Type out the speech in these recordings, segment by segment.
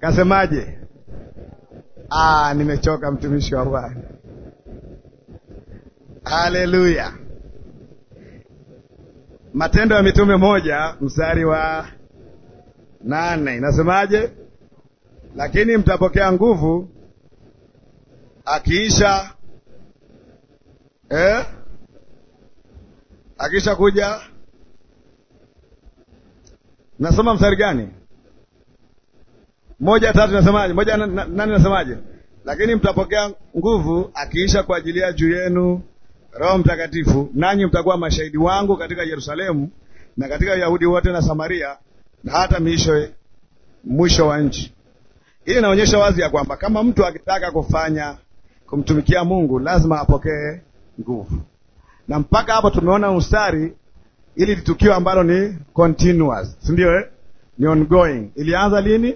Kasemaje? Ah, nimechoka mtumishi wa Bwana. Haleluya. Matendo ya Mitume moja mstari wa nane inasemaje? Lakini mtapokea nguvu akiisha eh? Akiisha kuja, nasoma mstari gani? moja tatu nasemaje? moja na, na, nani nasemaje? Lakini mtapokea nguvu akiisha kuajilia juu yenu Roho Mtakatifu, nanyi mtakuwa mashahidi wangu katika Yerusalemu na katika Yahudi wote na Samaria na hata miisho mwisho wa nchi. Hii inaonyesha wazi ya kwamba kama mtu akitaka kufanya kumtumikia Mungu lazima apokee nguvu, na mpaka hapo tumeona mstari, ili tukio ambalo ni continuous, si ndio eh? Ni ongoing. Ilianza lini?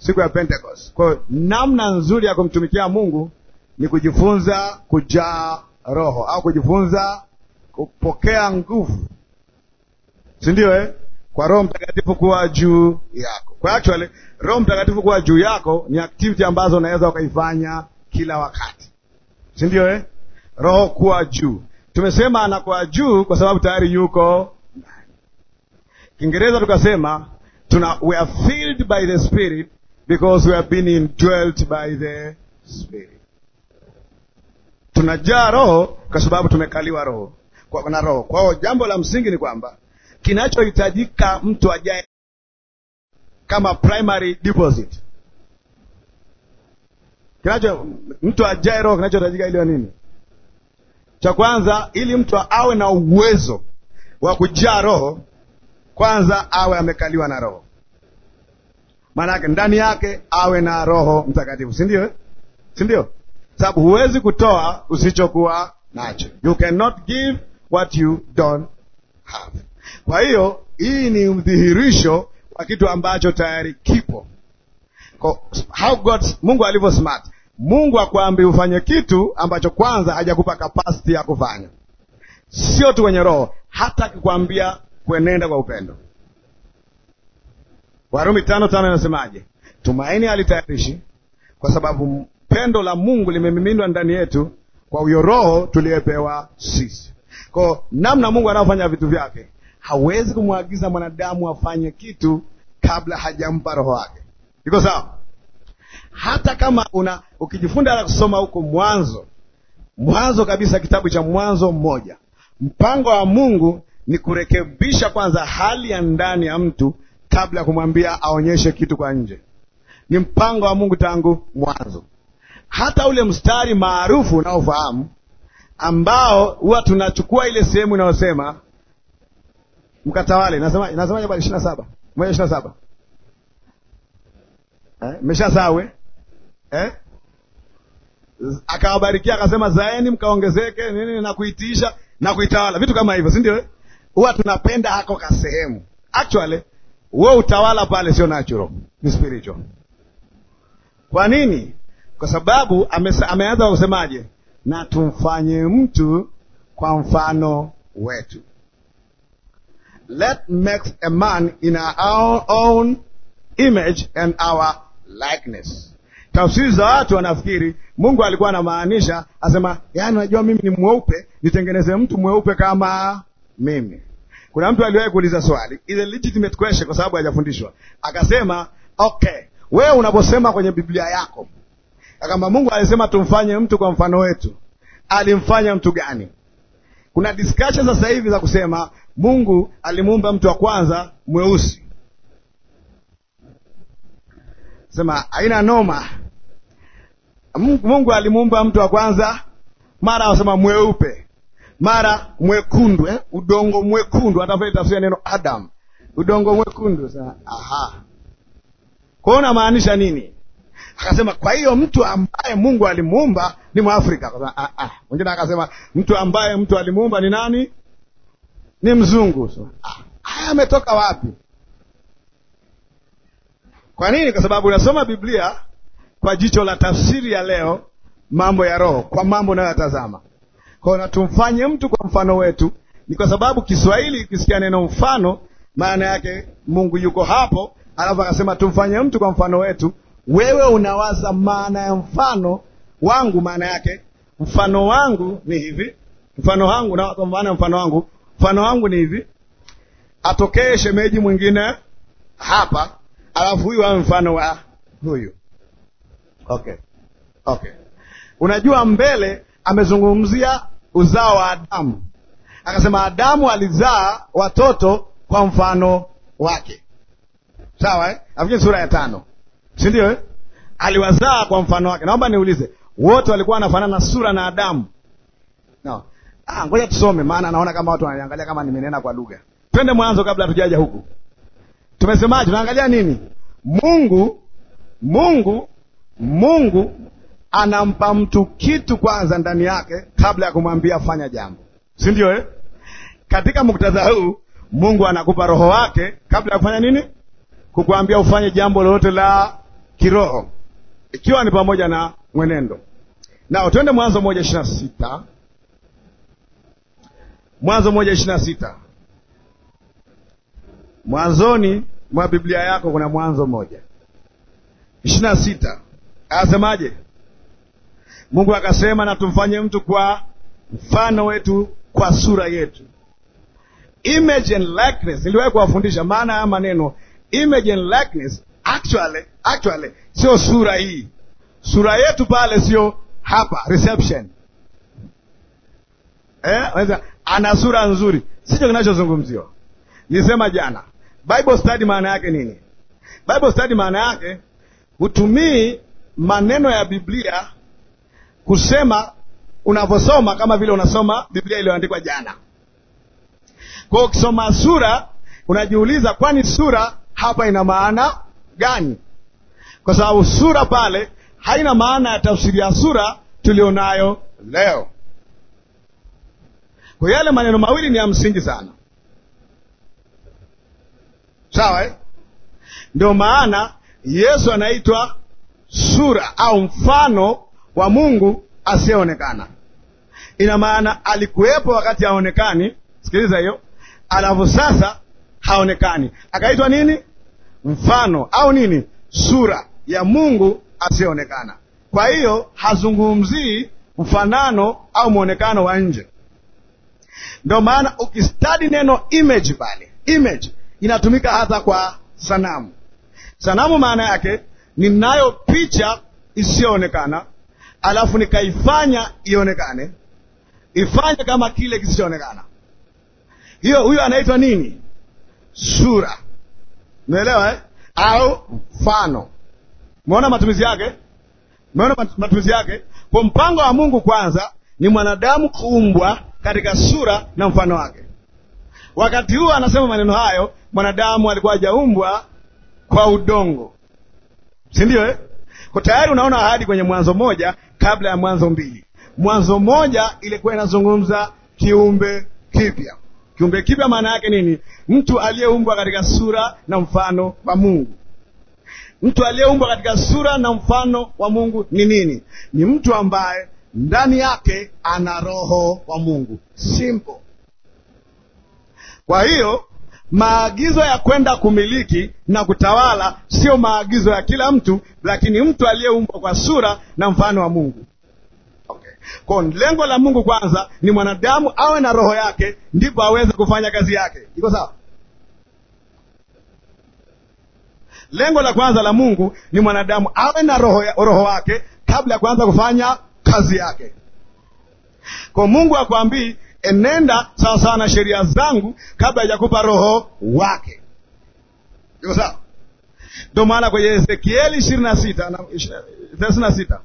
siku ya Pentecost. Kwa hiyo namna nzuri ya kumtumikia Mungu ni kujifunza kujaa Roho au kujifunza kupokea nguvu, si ndio eh? Kwa Roho Mtakatifu kuwa juu yako. Kwa actually Roho Mtakatifu kuwa juu yako ni activity ambazo unaweza ukaifanya kila wakati, si ndio eh? Roho kuwa juu, tumesema anakuwa juu kwa sababu tayari yuko Kiingereza tukasema tuna we are filled by the spirit because we have been indwelt by the Spirit. Tunajaa Roho kwa sababu tumekaliwa Roho kwa, na Roho. Kwa hiyo jambo la msingi ni kwamba kinachohitajika mtu ajae kama primary deposit kinacho mtu ajae Roho, kinachohitajika ilio nini? Cha kwanza, ili mtu awe na uwezo wa kujaa Roho, kwanza awe amekaliwa na Roho maanake ndani yake awe na Roho Mtakatifu, si ndio? Eh? Si ndio? Sababu huwezi kutoa usichokuwa nacho, you cannot give what you don't have. Kwa hiyo hii ni mdhihirisho wa kitu ambacho tayari kipo. How God, Mungu alivyo smart. Mungu akwambi ufanye kitu ambacho kwanza hajakupa kapasiti ya kufanya, sio tu kwenye roho, hata akikwambia kuenenda kwa upendo Warumi tano tano inasemaje? Tumaini alitayarishi kwa sababu pendo la Mungu limemiminwa ndani yetu kwa huyo Roho tuliyepewa sisi. Kwa namna Mungu anaofanya vitu vyake, hawezi kumwagiza mwanadamu afanye kitu kabla hajampa roho wake. Iko sawa? Hata kama una ukijifunda la kusoma huko mwanzo mwanzo kabisa, kitabu cha Mwanzo mmoja, mpango wa Mungu ni kurekebisha kwanza hali ya ndani ya mtu kabla ya kumwambia aonyeshe kitu kwa nje. Ni mpango wa Mungu tangu mwanzo. Hata ule mstari maarufu unaofahamu ambao huwa tunachukua ile sehemu inayosema mkatawale, nasema nasemaje bwana, ishirini na saba moja ishirini na saba eh, mesha sawe eh? eh? Akawabarikia akasema zaeni mkaongezeke nini na kuitiisha na kuitawala, vitu kama hivyo, si ndio? Eh? Huwa tunapenda hako kasehemu actually huo utawala pale sio natural, ni spiritual. Kwa nini? Kwa sababu ameanza kusemaje? Na tumfanye mtu kwa mfano wetu. Let make a man in our own image and our likeness. Tafsiri za watu wanafikiri Mungu alikuwa anamaanisha asema, yaani, unajua mimi ni mweupe, nitengeneze mtu mweupe kama mimi. Kuna mtu aliwahi kuuliza swali, is a legitimate question, kwa sababu hajafundishwa, akasema okay, wewe unaposema kwenye Biblia yako kwamba Mungu alisema tumfanye mtu kwa mfano wetu, alimfanya mtu gani? Kuna discussion sasa hivi za kusema Mungu alimuumba mtu wa kwanza mweusi. Sema aina noma. Mungu alimuumba mtu wa kwanza, mara wasema mweupe, mara mwekundu eh? udongo mwekundu atafutasiria neno Adam, udongo mwekundu sana. Aha, kwa namaanisha nini? Akasema kwa hiyo mtu ambaye Mungu alimuumba ni Mwafrika. Ah, ah. Mwingine akasema mtu ambaye mtu alimuumba ni nani? Ni mzungu. Ah, haya ametoka wapi? Kwa nini? Kwa sababu unasoma Biblia kwa jicho la tafsiri ya leo, mambo ya roho, kwa mambo unayoyatazama kwao, na tumfanye mtu kwa mfano wetu, ni kwa sababu Kiswahili ukisikia neno mfano, maana yake Mungu yuko hapo, alafu akasema tumfanye mtu kwa mfano wetu. Wewe unawaza maana ya mfano wangu, maana yake mfano wangu ni hivi, mfano wangu na kwa maana mfano wangu, mfano wangu ni hivi, atokee shemeji mwingine hapa, alafu huyu awe mfano wa huyu. Okay, okay. Unajua, mbele amezungumzia uzao wa Adamu. Akasema Adamu alizaa watoto kwa mfano wake, sawa eh? Nafikiri sura ya tano, si ndio eh? Aliwazaa kwa mfano wake. Naomba niulize, wote walikuwa wanafanana sura na Adamu? No. Ah, ngoja tusome, maana naona kama watu wananiangalia kama nimenena kwa lugha. Twende mwanzo kabla hatujaja huku. Tumesemaje? Tunaangalia nini? Mungu Mungu Mungu anampa mtu kitu kwanza ndani yake kabla ya kumwambia fanya jambo, si ndio eh? Katika muktadha huu Mungu anakupa roho wake kabla ya kufanya nini? Kukuambia ufanye jambo lolote la kiroho, ikiwa ni pamoja na mwenendo. Na twende Mwanzo moja ishirini na sita Mwanzo moja ishirini na sita Mwanzoni mwa Biblia yako kuna Mwanzo moja ishirini na sita asemaje? Mungu akasema na tumfanye mtu kwa mfano wetu, kwa sura yetu. Image and likeness, niliwahi kuwafundisha maana ya maneno image and likeness. Actually, actually sio sura hii, sura yetu pale sio hapa reception eh? Ana sura nzuri, sicho kinachozungumziwa. Nisema jana Bible study maana yake nini? Bible study maana yake hutumii maneno ya Biblia kusema unavyosoma kama vile unasoma Biblia iliyoandikwa jana. Kwa hiyo ukisoma sura unajiuliza, kwani sura hapa ina maana gani? Kwa sababu sura pale haina maana ya tafsiri ya sura tulionayo leo. Kwa yale maneno mawili ni ya msingi sana, sawa eh? Ndio maana Yesu anaitwa sura au mfano kwa Mungu asiyeonekana. Ina maana alikuwepo wakati haonekani, sikiliza hiyo, alafu sasa haonekani, akaitwa nini? Mfano au nini? Sura ya Mungu asiyeonekana. Kwa hiyo hazungumzii mfanano au mwonekano wa nje. Ndio maana ukistadi neno image pale, image inatumika hata kwa sanamu. Sanamu maana yake ninayo picha isiyoonekana alafu nikaifanya ionekane, ifanye kama kile kisichoonekana. Hiyo huyo anaitwa nini? Sura. Umeelewa eh? Au mfano. Umeona matumizi yake? Umeona matumizi yake? Kwa mpango wa Mungu kwanza ni mwanadamu kuumbwa katika sura na mfano wake. Wakati huo anasema maneno hayo, mwanadamu alikuwa hajaumbwa kwa udongo, si ndio eh? Kwa tayari unaona ahadi kwenye Mwanzo moja kabla ya Mwanzo mbili. Mwanzo moja ilikuwa inazungumza kiumbe kipya. Kiumbe kipya maana yake nini? Mtu aliyeumbwa katika sura na mfano wa Mungu. Mtu aliyeumbwa katika sura na mfano wa Mungu ni nini? Ni mtu ambaye ndani yake ana roho wa Mungu. Simple. Kwa hiyo Maagizo ya kwenda kumiliki na kutawala sio maagizo ya kila mtu, lakini mtu aliyeumbwa kwa sura na mfano wa Mungu. Okay. Kwa lengo la Mungu kwanza ni mwanadamu awe na roho yake, ndipo aweze kufanya kazi yake. Iko sawa? Lengo la kwanza la Mungu ni mwanadamu awe na roho, ya, roho wake kabla ya kuanza kufanya kazi yake. Kwa Mungu akwambii enenda sawasawa na sheria zangu kabla hajakupa roho wake. Iko sawa? Ndio maana kwenye Ezekieli ishirini na sita thelathini na sita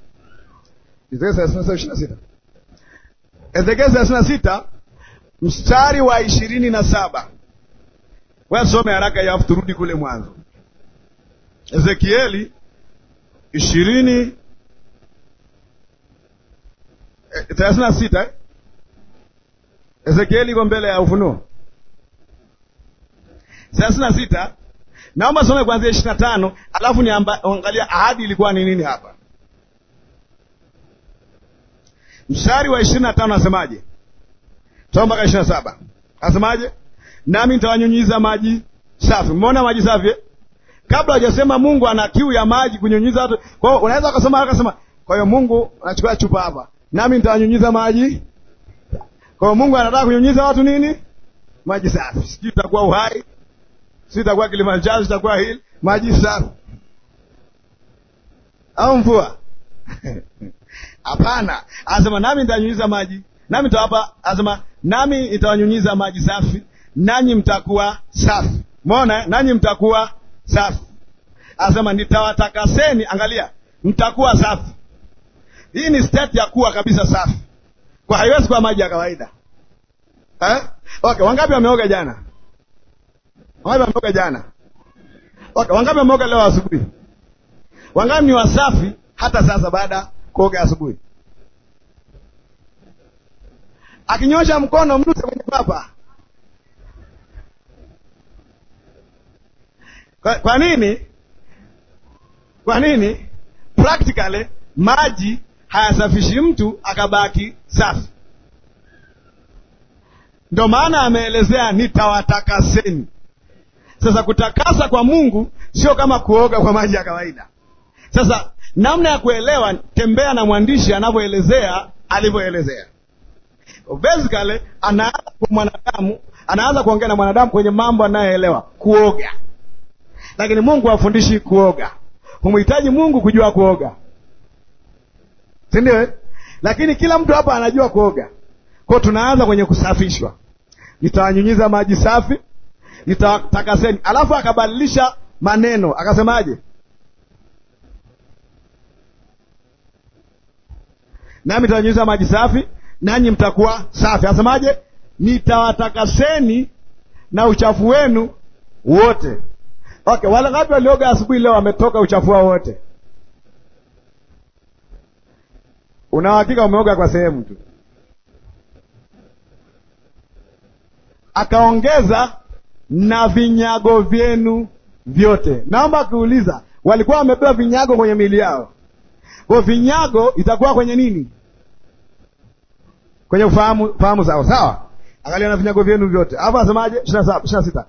Ezekieli thelathini na sita mstari wa ishirini na saba wasome haraka yafu turudi kule mwanzo. Ezekieli ishirini eh, thelathini na sita eh? Ezekieli iko mbele ya Ufunuo thelathini na sita. Naomba some kuanzia ishirini na tano alafu niangalia ahadi ilikuwa ni nini hapa. Mstari wa ishirini na tano nasemaje? Toma mpaka ishirini na saba nasemaje? Nami nitawanyunyiza maji safi. Mbona maji safi eh? Kabla hajasema Mungu ana kiu ya maji kunyunyiza watu. Kwa hiyo unaweza ukasoma akasema, kwa hiyo Mungu anachukua chupa hapa, nami nitawanyunyiza maji kwa hiyo Mungu anataka kunyunyiza watu nini? Maji safi. Sijui itakuwa Uhai, sijui itakuwa Kilimanjaro, itakuwa hili maji safi au mvua? Hapana, anasema nami nitanyunyiza maji, nami nitawapa, anasema nami nitawanyunyiza maji safi, nanyi mtakuwa safi. Umeona, eh? nanyi mtakuwa safi. Anasema nitawatakaseni, angalia, mtakuwa safi. Hii ni state ya kuwa kabisa safi kwa haiwezi kuwa maji ya kawaida eh? Okay, wangapi wameoga jana? Wangapi wameoga jana? Okay, wangapi wameoga leo asubuhi? Wangapi ni wasafi hata sasa baada kuoga asubuhi? Akinyosha mkono mruse kwenye papa. Kwa, kwa nini? Kwa nini? Practically maji hayasafishi mtu akabaki safi. Ndio maana ameelezea nitawatakaseni. Sasa kutakasa kwa Mungu sio kama kuoga kwa maji ya kawaida. Sasa namna ya kuelewa, tembea na mwandishi anavyoelezea alivyoelezea. Basically anaanza kwa mwanadamu, anaanza kuongea na mwanadamu kwenye mambo anayoelewa, kuoga. Lakini Mungu hafundishi kuoga, humhitaji Mungu kujua kuoga sindio? Eh? Lakini kila mtu hapa anajua kuoga kwao. Tunaanza kwenye kusafishwa, nitawanyunyiza maji safi, nitawatakaseni. Alafu akabadilisha maneno akasemaje? Nami nitawanyunyiza maji safi, nanyi mtakuwa safi. Asemaje? Nitawatakaseni na uchafu wenu wote. Okay, wale ngapi walioga asubuhi leo wametoka uchafu wao wote? unahakika umeoga kwa sehemu tu. Akaongeza na vinyago vyenu vyote. Naomba kuuliza, walikuwa wamebeba vinyago kwenye miili yao, kwa vinyago itakuwa kwenye nini? Kwenye ufahamu fahamu zao, sawa. Angalia na vinyago vyenu vyote, alafu anasemaje? ishirini na sita,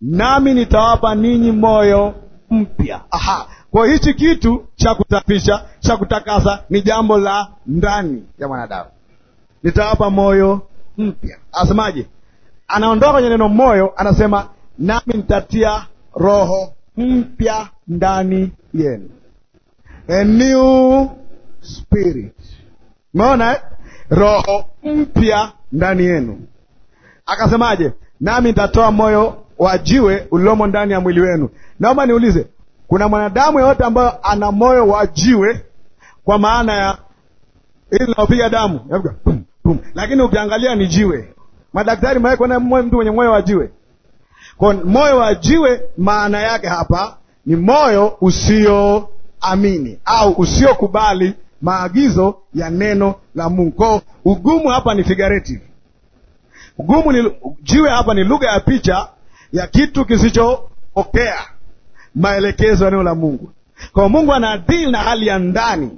nami nitawapa ninyi moyo mpya. Aha, kwa hichi kitu cha kusafisha cha kutakasa ni jambo la ndani ya mwanadamu. Nitawapa moyo mpya, asemaje? Anaondoka kwenye neno moyo, anasema nami nitatia roho mpya ndani yenu, a new spirit. Umeona eh? roho mpya ndani yenu. Akasemaje? Nami nitatoa moyo wa jiwe uliomo ndani ya mwili wenu. Naomba niulize, kuna mwanadamu yeyote ambayo ana moyo wa jiwe, kwa maana ya ili linaopiga damu pum, pum, lakini ukiangalia ni jiwe. Madaktari mawee kuona mtu mwenye moyo wa jiwe. Kwa moyo wa jiwe, maana yake hapa ni moyo usioamini au usiokubali maagizo ya neno la Mungu. Kwa ugumu hapa ni figurative. Ugumu ni jiwe, hapa ni lugha ya picha ya kitu kisichopokea maelekezo ya neno la Mungu. Kwa Mungu anadili na hali ya ndani.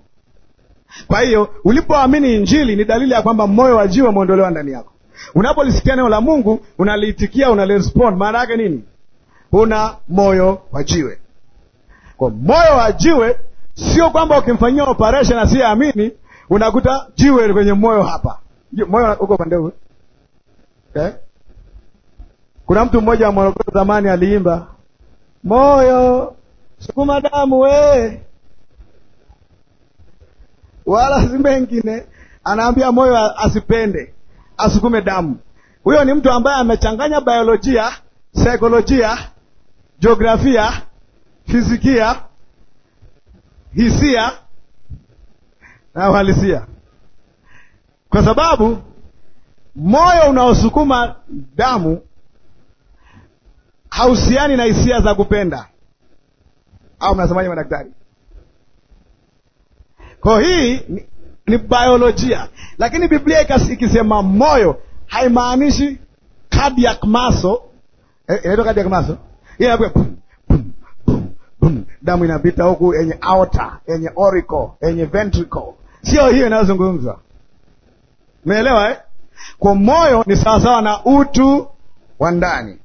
Kwa hiyo ulipoamini Injili ni dalili ya kwamba moyo wa jiwe umeondolewa ndani yako. Unapolisikia neno la Mungu unaliitikia, unalirespond. Maana yake nini? Una moyo wa jiwe. Kwa moyo wa jiwe sio kwamba ukimfanyia operation asiyeamini unakuta jiwe kwenye moyo hapa, moyo uko pande huu okay. Eh? Kuna mtu mmoja wa Morogoro zamani aliimba moyo sukuma damu we wala si mengine. Anaambia moyo asipende asukume damu. Huyo ni mtu ambaye amechanganya biolojia, saikolojia, jiografia, fizikia, hisia na uhalisia, kwa sababu moyo unaosukuma damu hausiani na hisia za kupenda, au mnasemaje madaktari? Kwa hii ni, ni biolojia, lakini Biblia ikisema moyo haimaanishi cardiac muscle eh, inaitwa cardiac muscle yeah, damu inapita huku yenye aorta yenye orico yenye ventricle, sio hiyo inayozungumzwa. Umeelewa eh? Kwa moyo ni sawasawa na utu wa ndani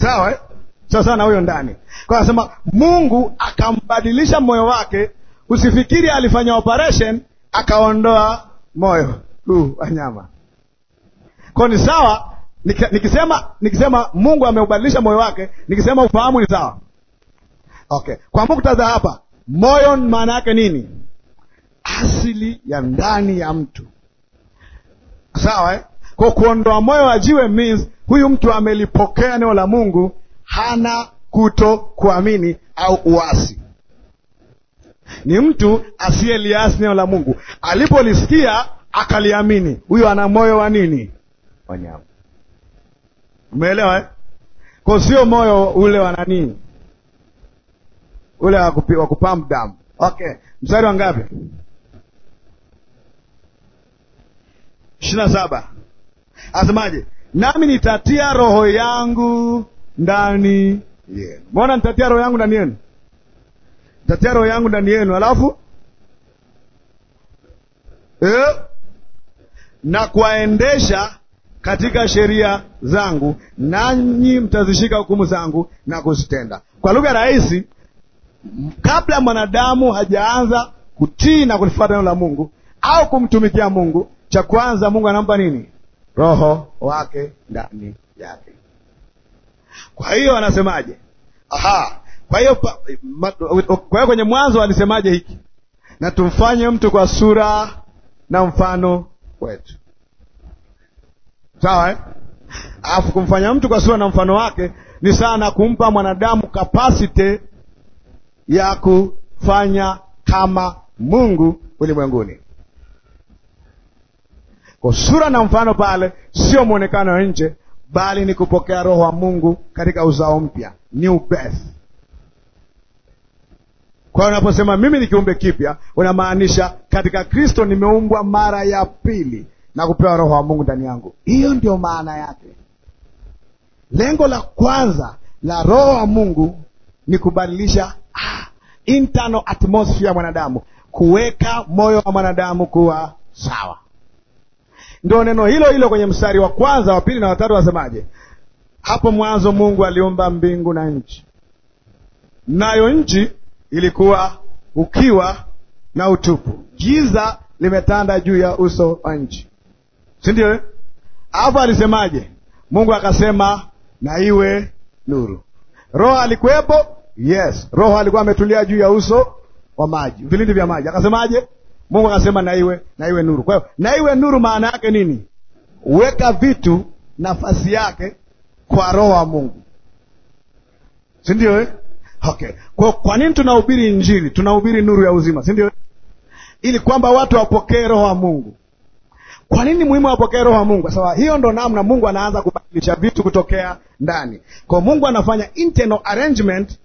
sawa eh? sawa na huyo ndani. Kwa anasema Mungu akambadilisha moyo wake, usifikiri alifanya operation akaondoa moyo huu uh, nyama. Kwa ni sawa nikisema nikisema Mungu ameubadilisha moyo wake, nikisema ufahamu ni sawa. Okay, kwa muktadha hapa, moyo maana yake nini? Asili ya ndani ya mtu, sawa eh? Kwa kuondoa moyo wa jiwe means huyu mtu amelipokea neno la Mungu, hana kuto kuamini au uasi. Ni mtu asiyeliasi neno la Mungu, alipolisikia akaliamini. Huyu ana moyo wa nini? Wanyama. Umeelewa eh? Kwa sio moyo ule wa nani, ule wa kupam damu. Okay, mstari wa ngapi? ishirini na saba. Asemaje? Nami nitatia roho yangu ndani yenu. Mbona nitatia roho yangu ndani yenu? Nitatia roho yangu ndani yenu, alafu e, na kuwaendesha katika sheria zangu, nanyi mtazishika hukumu zangu na kuzitenda. Kwa lugha rahisi, kabla mwanadamu hajaanza kutii na kulifuata neno la Mungu au kumtumikia Mungu, cha kwanza Mungu anampa nini? roho wake ndani yake. Kwa hiyo anasemaje? Aha, kwa hiyo kwa hiyo kwenye Mwanzo alisemaje hiki? Na tumfanye mtu kwa sura na mfano wetu, sawa eh? Alafu kumfanya mtu kwa sura na mfano wake ni sana kumpa mwanadamu kapasite ya kufanya kama Mungu ulimwenguni. Kwa sura na mfano pale sio mwonekano wa nje, bali ni kupokea roho wa Mungu katika uzao mpya, new birth. Kwa hiyo unaposema mimi ni kiumbe kipya, unamaanisha katika Kristo nimeumbwa mara ya pili na kupewa roho wa Mungu ndani yangu. Hiyo ndio maana yake. Lengo la kwanza la roho wa Mungu ni kubadilisha ah, internal atmosphere ya mwanadamu, kuweka moyo wa mwanadamu kuwa sawa. Ndio neno hilo hilo kwenye mstari wa kwanza wa pili na watatu wasemaje? Hapo mwanzo Mungu aliumba mbingu na nchi, nayo nchi ilikuwa ukiwa na utupu, giza limetanda juu ya uso wa nchi, sindio eh? Hapo alisemaje? Mungu akasema na iwe nuru. Roho alikuwepo? Yes, Roho alikuwa ametulia juu ya uso wa maji, vilindi vya maji. Akasemaje? Mungu akasema na iwe na iwe nuru. Kwa hiyo na iwe nuru maana yake nini? Weka vitu nafasi yake kwa roho wa Mungu, si ndio eh? Okay. Kwa, kwa nini tunahubiri Injili? Tunahubiri nuru ya uzima, si ndio eh? Ili kwamba watu wapokee roho wa Mungu. Kwa nini muhimu wapokee roho wa Mungu? Kwa sababu hiyo ndo namna Mungu anaanza kubadilisha vitu kutokea ndani. Kwa Mungu anafanya internal arrangement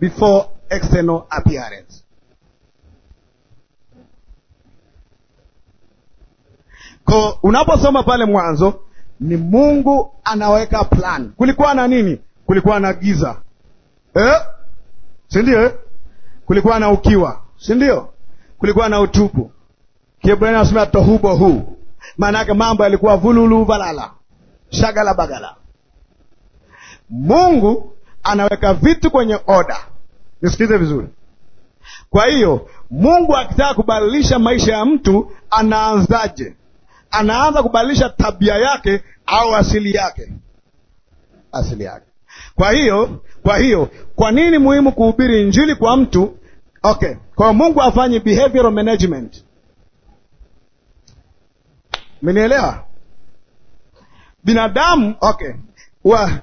before external appearance. Ko, unaposoma pale mwanzo ni Mungu anaweka plan. Kulikuwa na nini? Kulikuwa na giza eh? si ndio eh? Kulikuwa na ukiwa, si ndio? Kulikuwa na utupu. Kiebrania anasema tohubo huu, maana yake mambo yalikuwa vululu valala shagala bagala. Mungu anaweka vitu kwenye oda. Nisikilize vizuri. Kwa hiyo Mungu akitaka kubadilisha maisha ya mtu anaanzaje? anaanza kubadilisha tabia yake au asili yake, asili yake. Kwa hiyo kwa hiyo kwa nini muhimu kuhubiri injili kwa mtu? Okay, kwa Mungu afanyi behavioral management, menielewa? Binadamu okay wa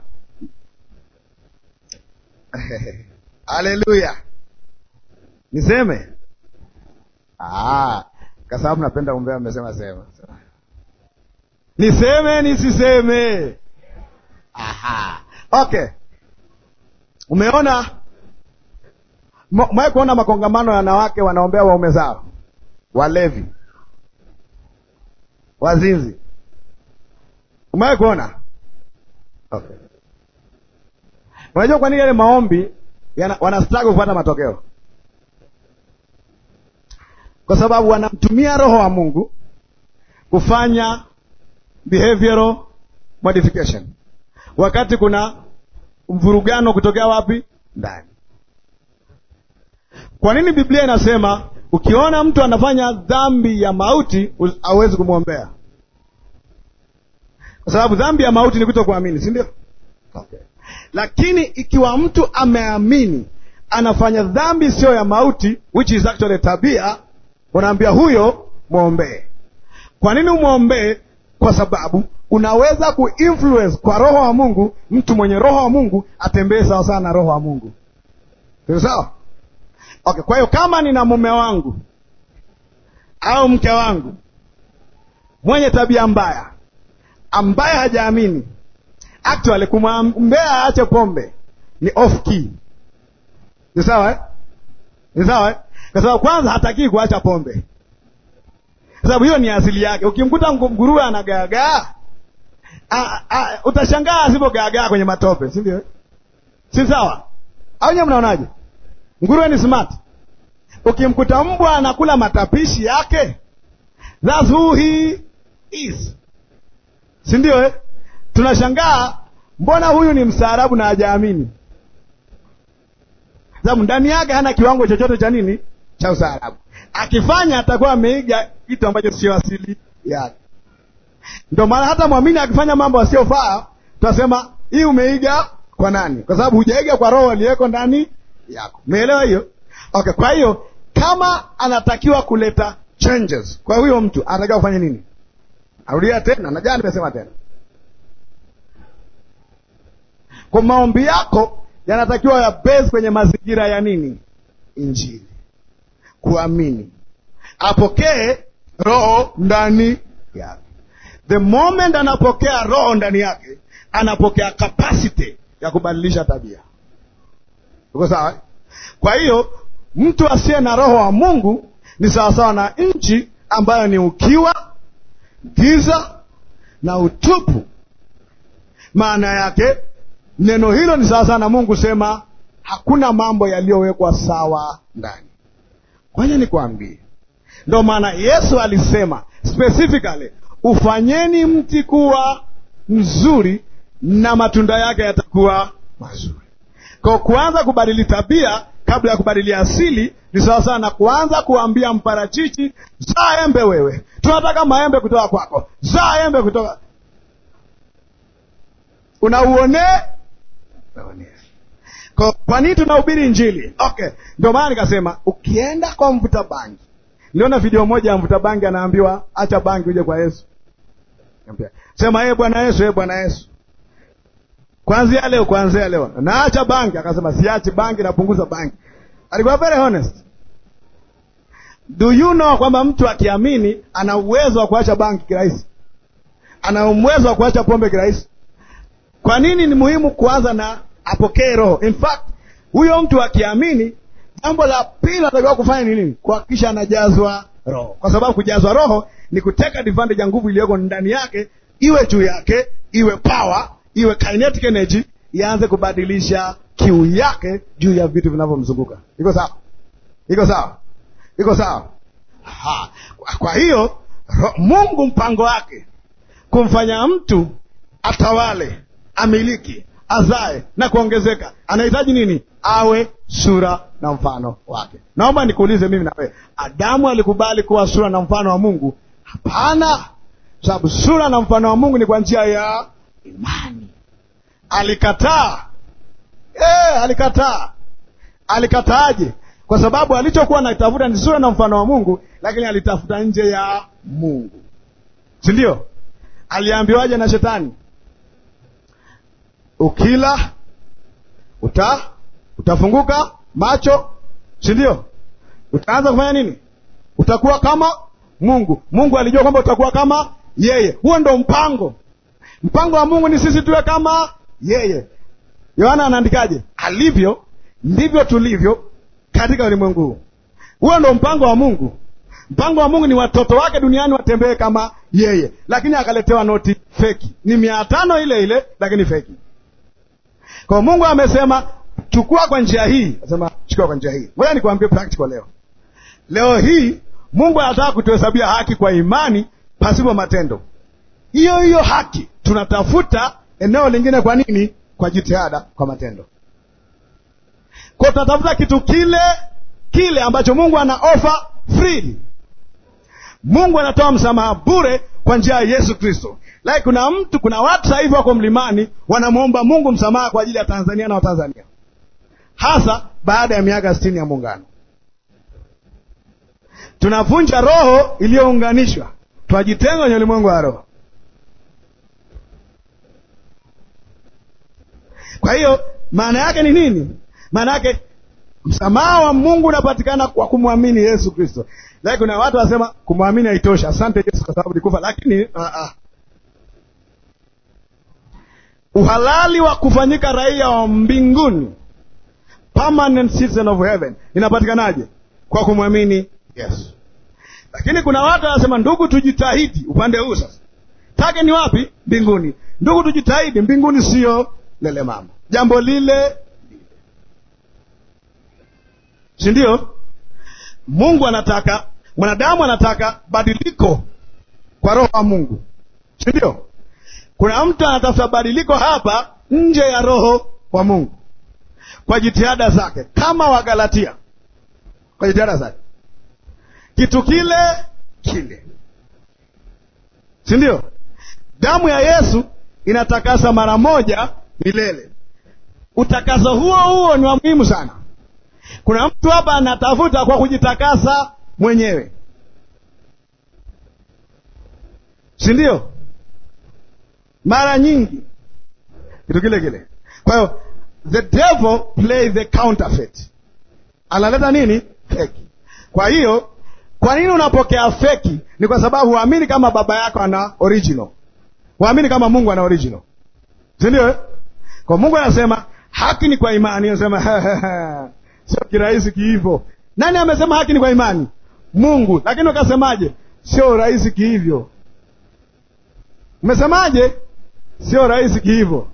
haleluya, niseme ah, kwa sababu napenda umbea, amesema sema niseme nisiseme? Aha, okay. Umeona, mwae kuona makongamano ya wanawake wanaombea waume zao, walevi, wazinzi, umewahi kuona? Okay. Unajua kwa nini yale maombi yana, wana struggle kupata matokeo? Kwa sababu wanamtumia Roho wa Mungu kufanya behavioral modification, wakati kuna mvurugano kutokea wapi? Ndani. Kwa nini Biblia inasema ukiona mtu anafanya dhambi ya mauti awezi kumwombea? Kwa sababu dhambi ya mauti ni kutokuamini, si ndio? Okay. Lakini ikiwa mtu ameamini anafanya dhambi sio ya mauti, which is actually tabia, unaambia huyo mwombee. Kwa nini umwombee? kwa sababu unaweza kuinfluence kwa roho wa Mungu. Mtu mwenye roho wa Mungu atembee sawasawa na roho wa Mungu, sawa? Okay, kwa hiyo kama nina mume wangu au mke wangu mwenye tabia mbaya ambaye hajaamini, actually kumwambia aache pombe ni off key, ni sawa eh? ni sawa eh? kwa sababu kwanza hatakii kuacha pombe kwa sababu hiyo ni asili yake. Ukimkuta nguruwe anagaagaa, utashangaa asipogaagaa kwenye matope, si ndio? Si sawa? Au nyewe mnaonaje? Nguruwe ni smart. Ukimkuta mbwa anakula matapishi yake, that's who he is, si ndio? Eh, tunashangaa mbona huyu ni mstaarabu na hajaamini, sababu ndani yake hana kiwango chochote cha nini cha ustaarabu akifanya atakuwa ameiga kitu ambacho sio asili yake. Ndio maana hata mwamini akifanya mambo asiyofaa, tutasema hii umeiga kwa nani? Kwa sababu hujaiga kwa roho aliyeko ndani yako. Umeelewa hiyo? Okay, kwa hiyo kama anatakiwa kuleta changes kwa huyo mtu, anatakiwa kufanya nini? Arudia tena, najaa nimesema tena, kwa maombi yako yanatakiwa ya base kwenye mazingira ya nini? Injili kuamini, apokee roho ndani yake. The moment anapokea roho ndani yake, anapokea kapasiti ya kubadilisha tabia. Uko sawa? Kwa hiyo mtu asiye na roho wa Mungu ni sawasawa na nchi ambayo ni ukiwa, giza na utupu. Maana yake neno hilo ni sawasawa na Mungu sema hakuna mambo yaliyowekwa sawa ndani Ngoja nikwambie, ndo maana Yesu alisema specifically, ufanyeni mti kuwa mzuri na matunda yake yatakuwa mazuri. Kwa kuanza kubadili tabia kabla ya kubadili asili ni sawa na kuanza kuambia mparachichi, zaa embe wewe, tunataka maembe kutoka kwako, zaa embe kutoka unauone kwa nini tunahubiri Injili? Okay, ndio maana nikasema ukienda kwa mvuta bangi. Niliona video moja ya mvuta bangi anaambiwa acha bangi uje kwa Yesu. Niambia. Sema eh, Bwana Yesu, eh Bwana Yesu. kwanzia leo, kwanzia leo. Naacha bangi, akasema siachi bangi, napunguza bangi. Alikuwa very honest. Do you know kwamba mtu akiamini ana uwezo wa kuacha bangi kirahisi? Ana uwezo wa kuacha pombe kirahisi? Kwa nini ni muhimu kuanza na apokee roho. In fact huyo mtu akiamini, jambo la pili anatakiwa kufanya ni nini? Kuhakikisha anajazwa roho, kwa sababu kujazwa roho ni kuteka advantage ya nguvu iliyoko ndani yake, iwe juu yake, iwe power, iwe kinetic energy, ianze kubadilisha kiu yake juu ya vitu vinavyomzunguka. Iko sawa? Iko sawa? Iko sawa? Ha. Kwa hiyo Mungu mpango wake kumfanya mtu atawale, amiliki, azae na kuongezeka, anahitaji nini? Awe sura na mfano wake. Naomba nikuulize mimi na wewe, Adamu alikubali kuwa sura na mfano wa Mungu? Hapana, sababu sura na mfano wa Mungu ni kwa njia ya imani. Alikataa. E, alikataa. Alikataaje? Kwa sababu alichokuwa anatafuta ni sura na mfano wa Mungu, lakini alitafuta nje ya Mungu, si ndio? Aliambiwaje na Shetani? ukila uta utafunguka macho, si ndio? Utaanza kufanya nini? Utakuwa kama Mungu. Mungu alijua kwamba utakuwa kama yeye. Huo ndo mpango. Mpango wa Mungu ni sisi tuwe kama yeye. Yohana anaandikaje? Alivyo ndivyo tulivyo katika ulimwengu huu. Huo ndo mpango wa Mungu. Mpango wa Mungu ni watoto wake duniani watembee kama yeye, lakini akaletewa noti feki. Ni mia tano ile ile, lakini feki. Kwa Mungu amesema chukua kwa njia hii, asema chukua kwa njia hii. Ngoja nikuambie practical leo. Leo hii Mungu anataka kutuhesabia haki kwa imani pasipo matendo. Hiyo hiyo haki tunatafuta eneo lingine. Kwa nini? Kwa jitihada, kwa matendo, kwa tunatafuta kitu kile kile ambacho Mungu ana ofa freely. Mungu anatoa msamaha bure kwa njia ya Yesu Kristo. Lakini kuna mtu, kuna watu sasa hivi wako mlimani wanamwomba Mungu msamaha kwa ajili ya Tanzania na Watanzania, hasa baada ya miaka sitini ya Muungano. Tunavunja roho iliyounganishwa, twajitenga kwenye ulimwengu wa roho. Kwa hiyo maana yake ni nini? Maana yake msamaha wa Mungu unapatikana kwa kumwamini Yesu Kristo, lakini kuna watu wanasema kumwamini haitoshi, asante Yesu kwa sababu nikufa, lakini a -uh. Ah, uhalali wa kufanyika raia wa mbinguni, permanent citizen of heaven, inapatikanaje? Kwa kumwamini Yesu. Lakini kuna watu wanasema, ndugu, tujitahidi upande huu sasa. Take ni wapi? Mbinguni. Ndugu, tujitahidi mbinguni, siyo lele mama, jambo lile, si ndio? Mungu anataka mwanadamu anataka badiliko kwa roho wa Mungu, si ndio? Kuna mtu anatafuta badiliko hapa nje ya roho wa Mungu kwa jitihada zake, kama Wagalatia, kwa jitihada zake, kitu kile kile, si ndio? Damu ya Yesu inatakasa mara moja milele. Utakaso huo huo ni wa muhimu sana. Kuna mtu hapa anatafuta kwa kujitakasa mwenyewe, si ndio? mara nyingi kitu kile kile. Kwa hiyo the devil play the counterfeit, analeta nini? Feki. Kwa hiyo kwa nini unapokea feki? Ni kwa sababu huamini kama baba yako ana original, huamini kama Mungu ana original, si ndio? Eh? Kwa Mungu anasema haki ni kwa imani, anasema sio kirahisi kiivo. Nani amesema haki ni kwa imani? Mungu. Lakini ukasemaje? Sio rahisi kihivyo. Umesemaje? sio rahisi kihivo.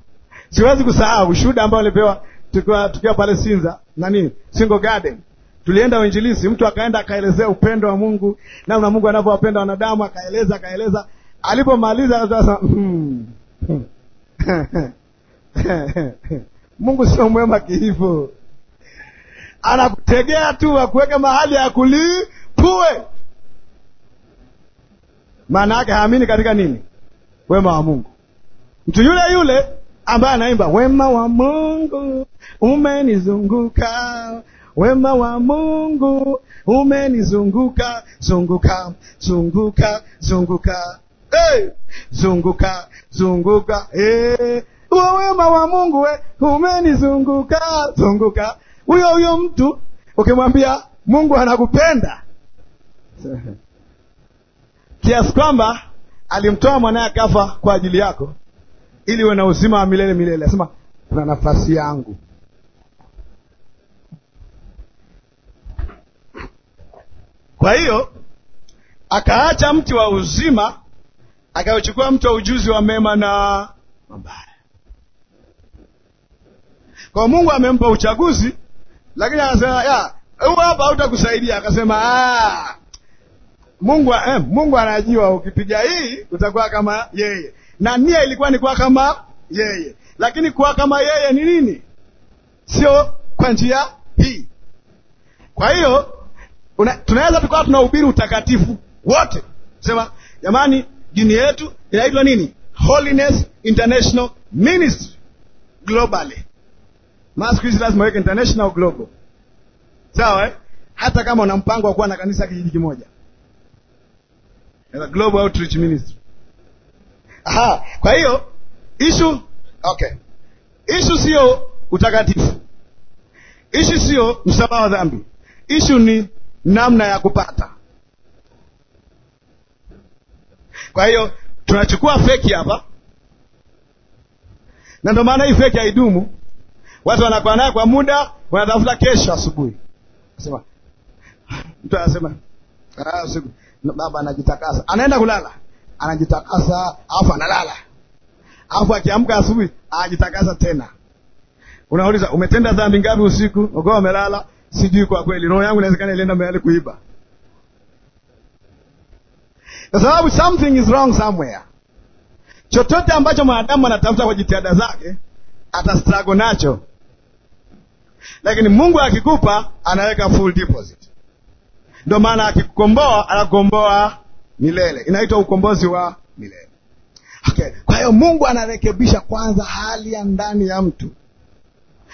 Siwezi kusahau shuhuda ambayo nilipewa tukiwa tukiwa pale Sinza nani Single Garden, tulienda uinjilisi, mtu akaenda akaelezea upendo wa Mungu namna Mungu anavyowapenda wanadamu, akaeleza akaeleza, alipomaliza akasema hmm. Mungu sio mwema kihivo, anakutegea tu akuweke mahali ya kulipue. Maana yake haamini katika nini? Wema wa Mungu. Mtu yule yule ambaye anaimba wema wa Mungu umenizunguka, wema wa Mungu umenizunguka, zunguka zunguka zunguka, hey! zunguka zunguka hey! Uo wema wa Mungu we umenizunguka zunguka. Huyo huyo mtu ukimwambia Mungu anakupenda kiasi kwamba alimtoa mwanaye akafa kwa ajili yako, ili uwe na uzima wa milele milele. asema kuna nafasi yangu. Kwa hiyo akaacha mti wa uzima, akayochukua mti wa ujuzi wa mema na mabaya. Kwa Mungu amempa uchaguzi, lakini anasema ya huu hapa hautakusaidia. Akasema ah, Mungu eh, Mungu anajua ukipiga hii utakuwa kama yeye, na nia ilikuwa ni kuwa kama yeye, lakini kuwa kama yeye ni nini? Sio kwa njia hii. Kwa hiyo tunaweza tukawa tunahubiri utakatifu wote, sema jamani, dini yetu inaitwa nini? Holiness International Ministry globally. Maana lazima weke international global, sawa eh? hata kama una mpango wa kuwa na kanisa kijiji kimoja, global outreach ministry Aha, kwa hiyo ishu okay, ishu sio utakatifu, ishu sio msamaha wa dhambi, ishu ni namna ya kupata. Kwa hiyo tunachukua feki hapa, na ndio maana hii feki haidumu. Watu wanakuwa naye kwa muda, wanatafuta kesho asubuhi. Anasema mtu anasema ah, baba anajitakasa, anaenda kulala anajitakasa alafu analala, alafu akiamka asubuhi anajitakasa tena. Unauliza, umetenda dhambi ngapi usiku? Ukiwa amelala, sijui kwa kweli, roho yangu inawezekana ilienda mahali kuiba, kwa sababu something is wrong somewhere. Chochote ambacho mwanadamu anatafuta kwa jitihada zake atastruggle nacho, lakini Mungu akikupa anaweka full deposit. Ndio maana akikukomboa anakukomboa milele, inaitwa ukombozi wa milele. Okay, kwa hiyo Mungu anarekebisha kwanza hali ya ndani ya mtu.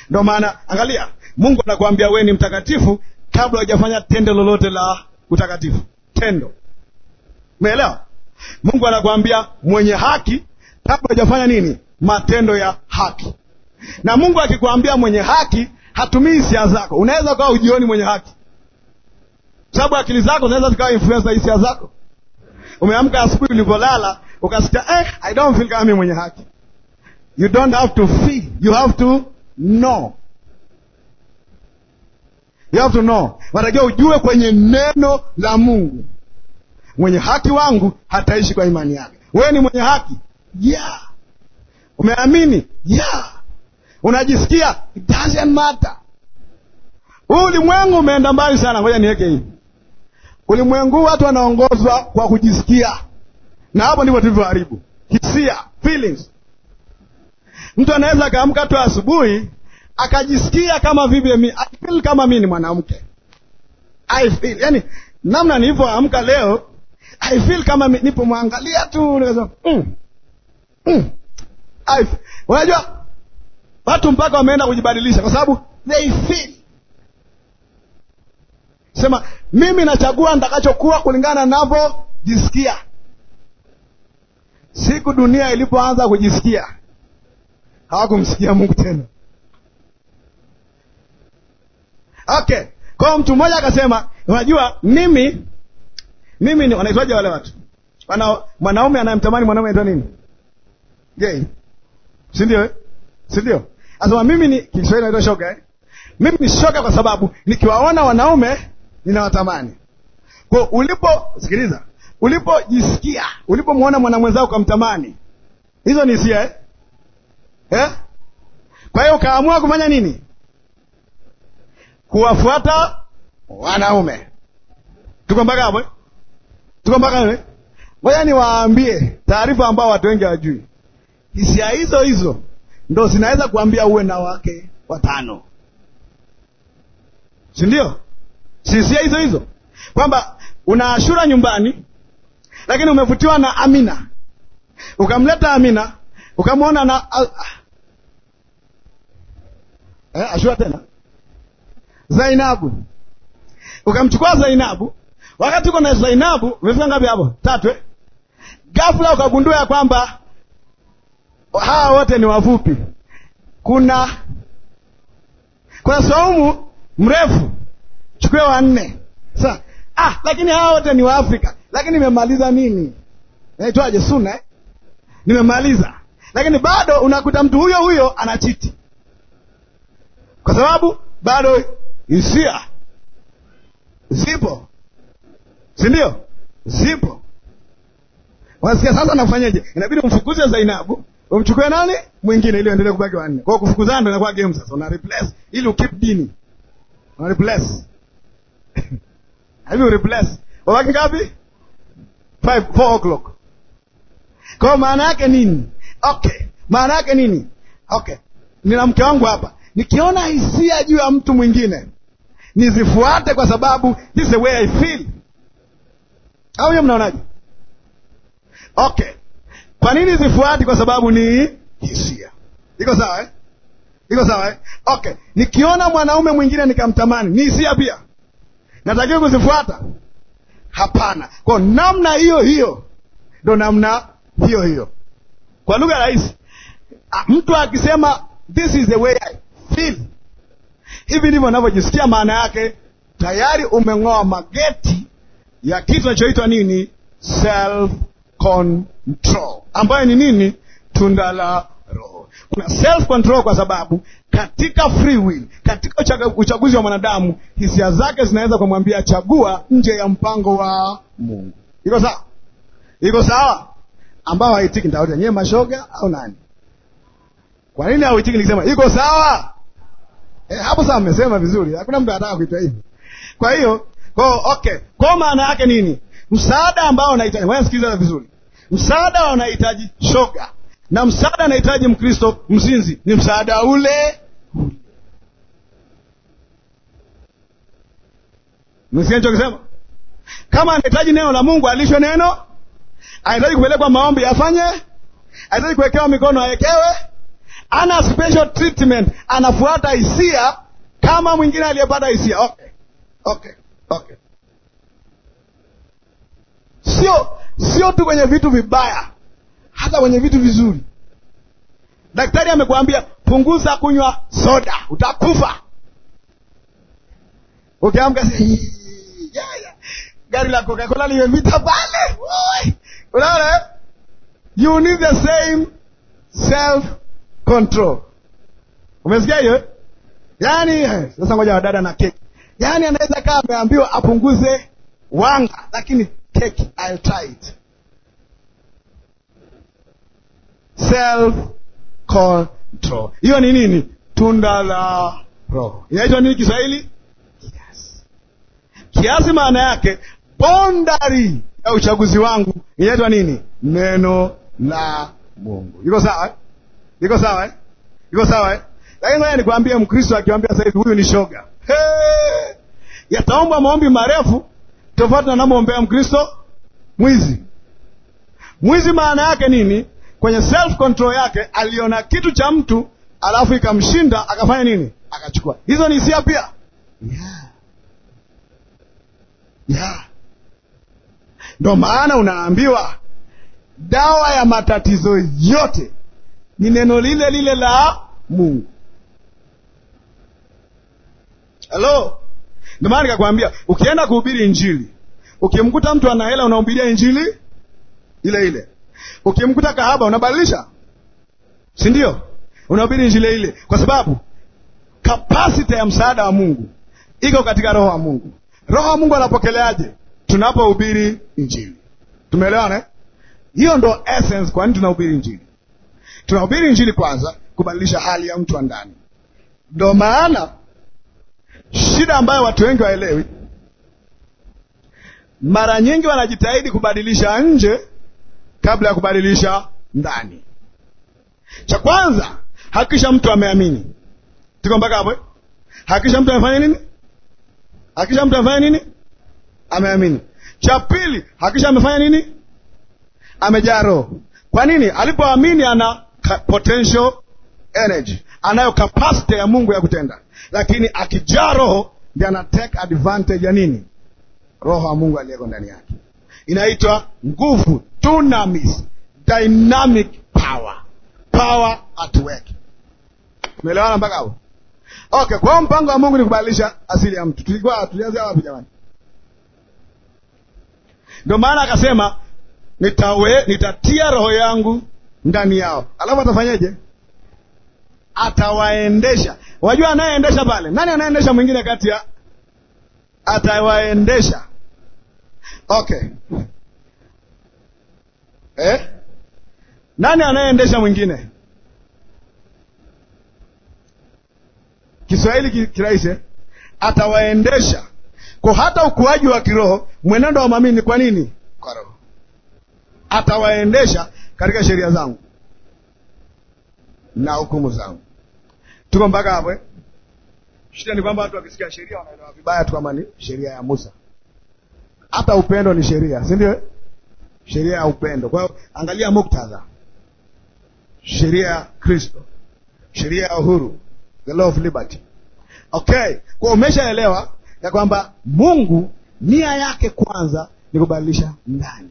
Ndio maana angalia, Mungu anakuambia wewe ni mtakatifu kabla hujafanya tendo lolote la utakatifu, tendo. Umeelewa? Mungu anakuambia mwenye haki kabla hujafanya nini, matendo ya haki. Na Mungu akikwambia mwenye haki hatumii hisia zako. Unaweza ukawa ujioni mwenye haki, sababu akili zako zinaweza zikawa influensa hisia zako. Umeamka asubuhi ulipolala ukasikia eh, I don't feel kama mimi mwenye haki. You don't have to feel, you have to know. You have to know. Unatakiwa ujue kwenye neno la Mungu, mwenye haki wangu hataishi kwa imani yake. Wewe ni mwenye haki yeah. Umeamini yeah. Unajisikia it doesn't matter. Huu ulimwengu umeenda mbali sana. Ngoja niweke hivi Ulimwengu watu wanaongozwa kwa kujisikia, na hapo ndipo tulivyoharibu hisia, feelings. Mtu anaweza akaamka tu asubuhi akajisikia kama mi I feel kama mi ni mwanamke I feel, yani namna nilivyoamka leo I feel kama nipomwangalia tu unaweza mm, mm, unajua watu mpaka wameenda kujibadilisha kwa sababu they feel sema mimi nachagua nitakachokuwa kulingana navyojisikia. Siku dunia ilipoanza kujisikia, hawakumsikia Mungu tena. Okay, kwa mtu mmoja akasema, unajua mimi mimi ni wanaitwaje wale watu Wana, mwanaume anayemtamani mwanaume aitwa nini? Gay, sindio? Eh? Sindio? Asema mimi ni Kiswahili naitwa shoga eh? Mimi ni shoga kwa sababu nikiwaona wanaume ninawatamani. Kwa ulipo sikiliza, ulipojisikia, ulipomwona mwanamwenzao ukamtamani, hizo ni hisia eh? Eh? Kwa hiyo ukaamua kufanya nini? Kuwafuata wanaume. Tuko mpaka hapo? Eh? Tuko mpaka hapo? Eh? Ngoja niwaambie taarifa ambao watu wengi hawajui. Hisia hizo hizo ndo zinaweza kuambia uwe na wake watano, si ndio? Sinsia hizo hizo kwamba una Ashura nyumbani, lakini umevutiwa na Amina, ukamleta Amina ukamwona na ah, ah. eh, Ashura tena Zainabu, ukamchukua Zainabu wakati uko na Zainabu umefika ngapi hapo? Tatu. Eh? Ghafla ukagundua ya kwamba hawa wote ni wafupi. Kuna kuna saumu mrefu chukue wanne sa Ah, lakini hawa wote ni Waafrika, lakini nimemaliza nini, naitwaje, suna eh? Nimemaliza, lakini bado unakuta mtu huyo huyo anachiti kwa sababu bado hisia zipo, si ndio? Zipo, wasikia. Sasa nafanyeje? Inabidi umfukuze Zainabu, umchukue nani mwingine, ili endelee kubaki wanne. Kwa hiyo kufukuzana ndio inakuwa game. Sasa una replace, ili ukip dini, una replace Have you replaced Wabaki ngapi? 5 4 o'clock. Kwa maana yake nini? Okay. Maana yake nini? Okay. Nina mke wangu hapa. Nikiona hisia juu ya mtu mwingine, nizifuate kwa sababu this is the way I feel. Au yeye mnaonaje? Okay. Kwa nini zifuati? Kwa sababu ni hisia. Iko sawa eh? Iko sawa eh? Okay. Nikiona mwanaume mwingine nikamtamani, ni hisia pia natakiwa kuzifuata? Hapana. Kwa namna hiyo hiyo ndo namna hiyo hiyo, kwa lugha rahisi, mtu akisema this is the way I feel, hivi ndivyo navyojisikia, maana yake tayari umeng'oa mageti ya kitu kinachoitwa nini, self control, ambayo ni nini, tunda la Roho kuna self control, kwa sababu katika free will, katika uchaguzi wa mwanadamu, hisia zake zinaweza kumwambia chagua nje ya mpango wa Mungu. Iko sawa? Iko sawa? ambao haitiki nitaote nyewe mashoga au nani? Kwa nini hauitiki nikisema iko sawa? E, hapo sasa mmesema vizuri, hakuna mtu anataka kuitwa hivi. Kwa hiyo kwa okay, kwa maana yake nini? Msaada ambao unahitaji, wewe sikiliza vizuri, msaada unahitaji shoga na msaada anahitaji Mkristo mzinzi ni msaada ule msichokisema Kama anahitaji neno la Mungu alishwe neno, anahitaji kupelekwa maombi afanye, anahitaji kuwekewa mikono awekewe, ana special treatment, anafuata hisia kama mwingine aliyepata hisia. Okay, okay, okay. Sio sio tu kwenye vitu vibaya hasa wenye vitu vizuri. Daktari amekwambia punguza kunywa soda, utakufa. Ukiamka okay, gari la Coca-Cola limepita pale, unaona. Eh? You need the same self control. Umesikia hiyo? Eh? Yaani sasa, ngoja wadada na keki, yaani anaweza kaa ameambiwa apunguze wanga, lakini keki I'll try it self control. Hiyo ni nini? Tunda la Roho inaitwa nini Kiswahili? Kiasi. Kiasi maana yake bondari ya uchaguzi wangu inaitwa nini? Neno la Mungu. Iko sawa? Eh? Iko sawa eh? Iko sawa eh? Lakini ngoja nikwambie, Mkristo akiwambia sasa hivi huyu ni shoga, yataomba maombi marefu tofauti na namwombea Mkristo mwizi. Mwizi maana yake nini? kwenye self control yake aliona kitu cha mtu alafu ikamshinda akafanya nini? Akachukua. Hizo ni hisia pia, yeah. Yeah. Ndo maana unaambiwa dawa ya matatizo yote ni neno lile lile la Mungu. Halo, ndo maana nikakwambia, ukienda kuhubiri Injili ukimkuta mtu ana hela, unahubiria Injili ile ile. Ukimkuta kahaba unabadilisha, si ndio? Unahubiri njile ile, kwa sababu kapasiti ya msaada wa Mungu iko katika roho wa Mungu. Roho wa Mungu anapokeleaje tunapohubiri injili? Tumeelewana eh? Hiyo ndo essence. Kwa nini tunahubiri injili? Tunahubiri injili kwanza kubadilisha hali ya mtu wa ndani. Ndo maana shida ambayo watu wengi waelewi, mara nyingi wanajitahidi kubadilisha nje kabla ya kubadilisha ndani. Cha kwanza hakikisha mtu ameamini. Tuko mpaka hapo? Eh? Hakikisha mtu amefanya nini? Hakikisha mtu amefanya nini? Ameamini. Cha pili hakikisha amefanya nini? Amejaa Roho. Kwa nini? Alipoamini ana potential energy, anayo capacity ya Mungu ya kutenda, lakini akijaa Roho ndiye ana take advantage ya nini? Roho wa Mungu aliyeko ndani yake inaitwa nguvu Dunamis, dynamic power, power at work. Umeelewana mpaka hapo? Okay, kwa mpango wa Mungu ni kubadilisha asili ya mtu. Tulikuwa tulianza wapi jamani? Ndio maana akasema nitawe nitatia roho yangu ndani yao. Alafu atafanyeje Atawaendesha. Wajua anayeendesha pale nani? Anayeendesha mwingine kati ya atawaendesha. Okay eh? Nani anayeendesha mwingine? Kiswahili kirahisi, eh? atawaendesha kwa hata ukuaji wa kiroho, mwenendo wa mamini. Kwa nini? Kwa roho atawaendesha katika sheria zangu na hukumu zangu. Tuko mpaka hapo eh? Shida ni kwamba watu wakisikia sheria wanaelewa vibaya tu kama ni sheria ya Musa. Hata upendo ni sheria, si ndio? Eh? sheria ya upendo. Kwa hiyo angalia muktadha, sheria ya Kristo, sheria ya uhuru, the law of liberty. Okay, kwa umeshaelewa ya kwamba Mungu nia yake kwanza ni kubadilisha ndani.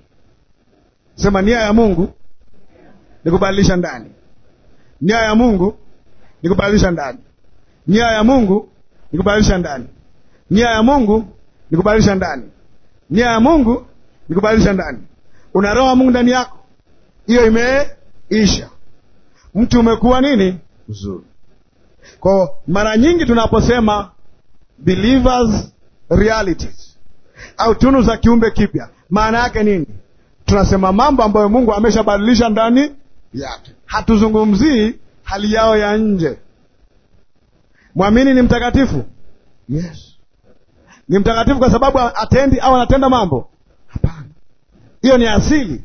Sema nia ya Mungu ni kubadilisha ndani. Nia ya Mungu ni kubadilisha ndani. Nia ya Mungu ni kubadilisha ndani. Nia ya Mungu ni kubadilisha ndani. Nia ya Mungu ni kubadilisha ndani una roho Mungu ndani yako, hiyo imeisha, mtu umekuwa nini mzuri. Kwa mara nyingi tunaposema believers realities au tunu za kiumbe kipya, maana yake nini? Tunasema mambo ambayo Mungu ameshabadilisha ndani yake. Hatuzungumzii hali yao ya nje. Mwamini ni mtakatifu? Yes. Ni mtakatifu kwa sababu atendi au anatenda mambo? Hapana hiyo ni asili,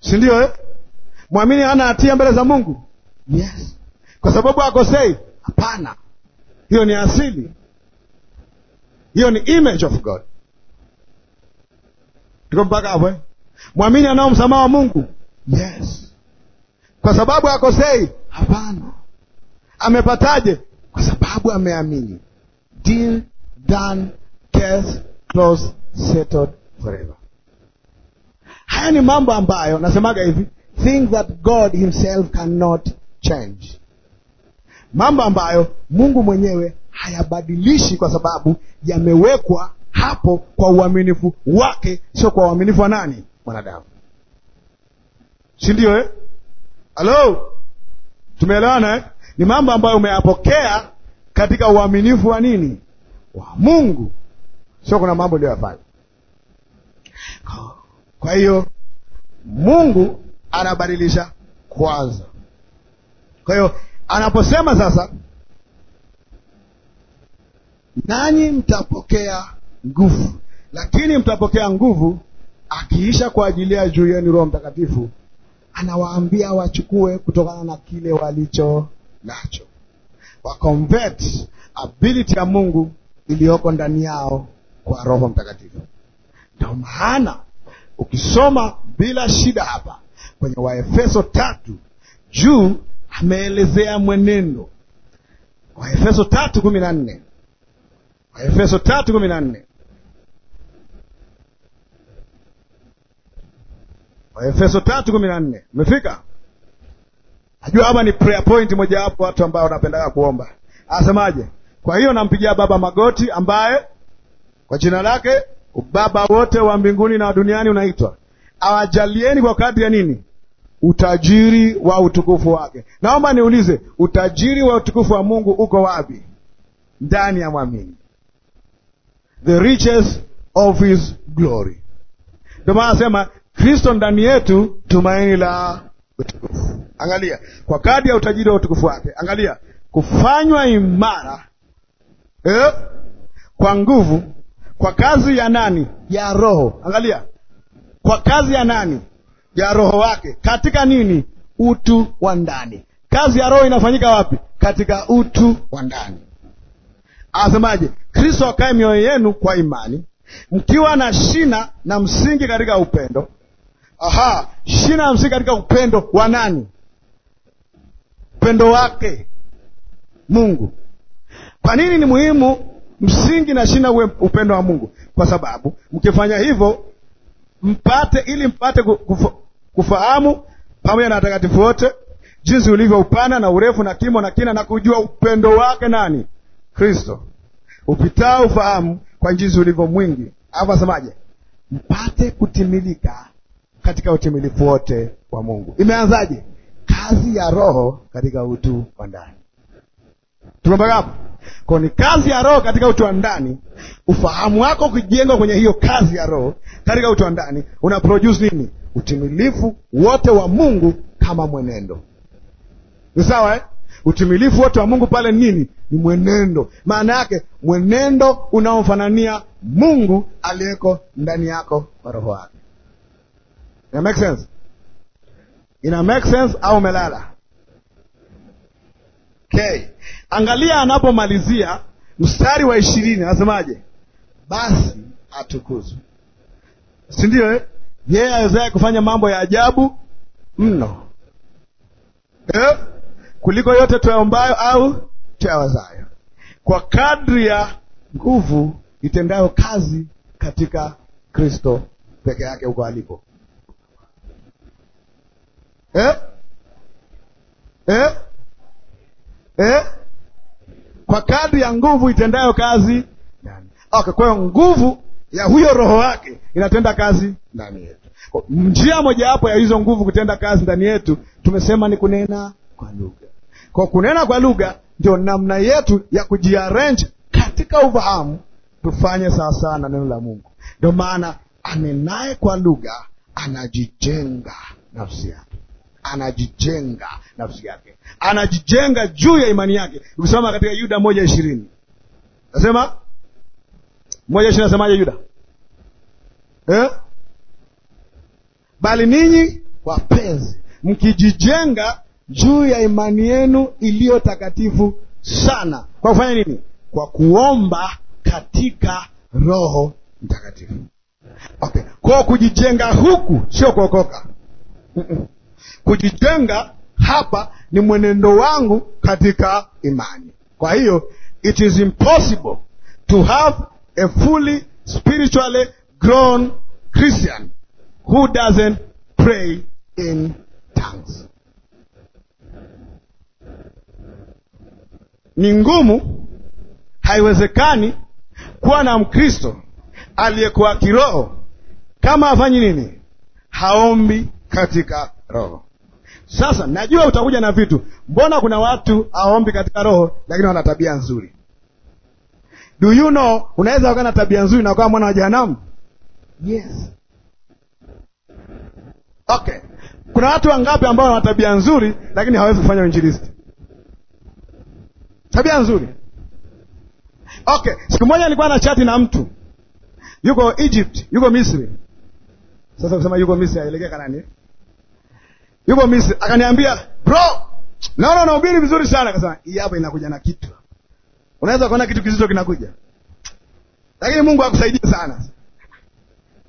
si eh? Mwamini hana hatia mbele za Mungu, yes, kwa sababu akosei? Hapana, hiyo ni asili, hiyo ni image of God. Tuko mpaka hapo eh? Mwamini anao msamaha wa Mungu, yes, kwa sababu akosei? Hapana. Amepataje? Kwa sababu ameamini. Deal done, case close settled forever haya ni mambo ambayo nasemaga hivi things that God himself cannot change, mambo ambayo Mungu mwenyewe hayabadilishi kwa sababu yamewekwa hapo kwa uaminifu wake, sio kwa uaminifu wa nani? Mwanadamu, si ndio eh? tumeelewana eh? Ni mambo ambayo umeyapokea katika uaminifu wa nini? Wa Mungu, sio kuna mambo uliyoyafanya kwa hiyo Mungu anabadilisha kwanza. Kwa hiyo anaposema sasa, nanyi mtapokea nguvu, lakini mtapokea nguvu akiisha kwa ajili ya juu yenu Roho Mtakatifu, anawaambia wachukue kutokana na kile walicho nacho, wa convert ability ya Mungu iliyoko ndani yao kwa Roho Mtakatifu. Ndio maana Ukisoma bila shida hapa kwenye Waefeso tatu juu ameelezea mwenendo. Waefeso tatu kumi na nne Waefeso tatu kumi na nne Waefeso tatu kumi na nne Umefika? Najua hapa ni prayer point mojawapo, watu ambao wanapendaga kuomba. Asemaje? Kwa hiyo nampigia Baba magoti ambaye kwa jina lake baba wote wa mbinguni na duniani unaitwa, awajalieni kwa kadri ya nini? Utajiri wa utukufu wake. Naomba niulize, utajiri wa utukufu wa Mungu uko wapi? Ndani ya mwamini, the riches of his glory. Ndio maana anasema Kristo ndani yetu, tumaini la utukufu. Angalia, kwa kadri ya utajiri wa utukufu wake, angalia, kufanywa imara eh, kwa nguvu kwa kazi ya nani? Ya Roho. Angalia, kwa kazi ya nani? Ya Roho wake katika nini? Utu wa ndani. Kazi ya Roho inafanyika wapi? Katika utu wa ndani. Anasemaje? Kristo akae mioyo yenu kwa imani, mkiwa na shina na msingi katika upendo. Aha, shina na msingi katika upendo wa nani? Upendo wake Mungu. Kwa nini ni muhimu msingi na shina uwe upendo wa Mungu, kwa sababu mkifanya hivyo mpate ili mpate kufa, kufahamu pamoja na watakatifu wote jinsi ulivyo upana na urefu na kimo na kina, na kujua upendo wake nani Kristo upitao ufahamu kwa jinsi ulivyo mwingi. Alafu asemaje? Mpate kutimilika katika utimilifu wote wa Mungu. Imeanzaje? Kazi ya Roho katika utu wa ndani. Tumeombeka kwa ni kazi ya Roho katika utu wa ndani, ufahamu wako ukijengwa kwenye hiyo kazi ya Roho katika utu wa ndani una produce nini? Utimilifu wote wa Mungu kama mwenendo. Ni sawa eh? Utimilifu wote wa Mungu pale nini? Ni mwenendo. Maana yake mwenendo unaomfanania Mungu aliyeko ndani yako kwa roho wake Ina make sense? Ina make sense au melala? Okay. Angalia anapomalizia mstari wa ishirini anasemaje? Basi atukuzwe, si ndio? Eh, yeye awezaye kufanya mambo ya ajabu mno eh, kuliko yote tuyaombayo au tuyawazayo, kwa kadri ya nguvu itendayo kazi katika Kristo peke yake huko alipo eh? Eh? Eh? kwa kadri ya nguvu itendayo kazi ndani. Okay, kwa hiyo nguvu ya huyo roho wake inatenda kazi ndani yetu. Njia mojawapo ya hizo nguvu kutenda kazi ndani yetu tumesema ni kunena kwa lugha. Kwa kunena kwa lugha ndio namna yetu ya kujiarrange katika ufahamu tufanye sawasawa na neno la Mungu. Ndio maana anenaye kwa lugha anajijenga nafsi yake anajijenga nafsi yake, anajijenga juu ya imani yake. Ukisoma katika Yuda moja ishirini nasema moja ishirini nasemaje Yuda eh? Bali ninyi wapenzi, mkijijenga juu ya imani yenu iliyo takatifu sana, kwa kufanya nini? Kwa kuomba katika Roho Mtakatifu. Okay, kwa kujijenga huku sio kuokoka. Kujijenga hapa ni mwenendo wangu katika imani. Kwa hiyo it is impossible to have a fully spiritually grown Christian who doesn't pray in tongues. Ni ngumu, haiwezekani kuwa na Mkristo aliyekuwa kiroho kama afanyi nini? Haombi katika roho. Sasa najua utakuja na vitu. Mbona kuna watu hawaombi katika roho, lakini wana tabia nzuri? Do you know, unaweza ukawa na tabia nzuri na ukawa mwana wa jehanamu? Yes. Okay, kuna watu wangapi ambao wana tabia nzuri lakini hawawezi kufanya uinjilisti? Tabia nzuri. Okay, siku moja nilikuwa na chati na mtu yuko Egypt, yuko Misri. Sasa kusema yuko Misri aelekea Kanani yuko Misri, akaniambia bro, naona unahubiri vizuri sana. Akasema hii hapa inakuja na kitu, unaweza kuona kitu kizito kinakuja, lakini Mungu akusaidia sana.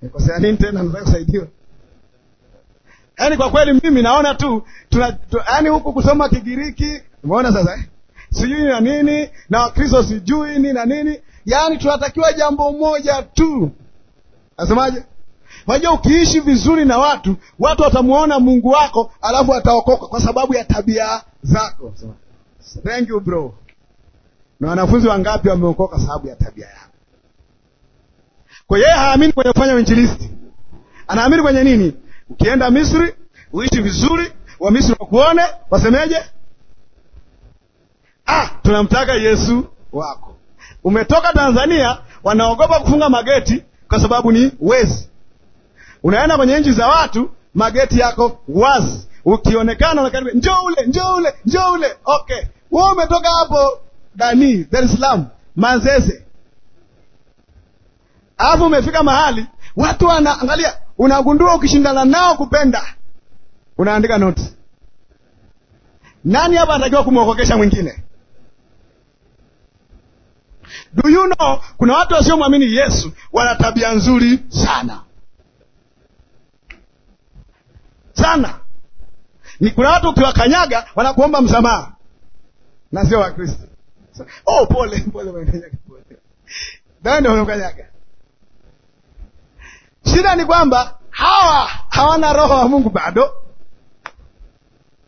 Nikosea nini tena? Nataka kusaidiwa. Yaani kwa kweli mimi naona tu tuna, tu, yaani huku kusoma Kigiriki umeona sasa eh? sijui na nini na Wakristo sijui ni na nini, yaani tunatakiwa jambo moja tu, nasemaje? Unajua, ukiishi vizuri na watu, watu watamwona Mungu wako, alafu ataokoka kwa sababu ya tabia zako. Thank you bro. Na wanafunzi wangapi wameokoka sababu ya tabia yako? Kwa yeye haamini kwenye kufanya uinjilisti, anaamini kwenye nini? Ukienda Misri uishi vizuri, Wamisri wakuone, wasemeje? Ah, tunamtaka Yesu wako. Umetoka Tanzania, wanaogopa kufunga mageti kwa sababu ni wezi. Unaenda kwenye nchi za watu, mageti yako wazi, ukionekana unakaribia, njoo ule, njoo ule, njoo ule. Okay, wewe umetoka hapo Dani, Dar es Salaam, Manzese, alafu umefika mahali watu wanaangalia, unagundua ukishindana nao kupenda, unaandika noti. Nani hapa anatakiwa kumwokokesha mwingine? Do you know, kuna watu wasiomwamini Yesu wana tabia nzuri sana. sana. Ni kuna watu ukiwakanyaga wanakuomba msamaha na sio Wakristo. So, oh, pole pole, ndio wamekanyaga. Shida ni kwamba hawa hawana roho wa Mungu bado.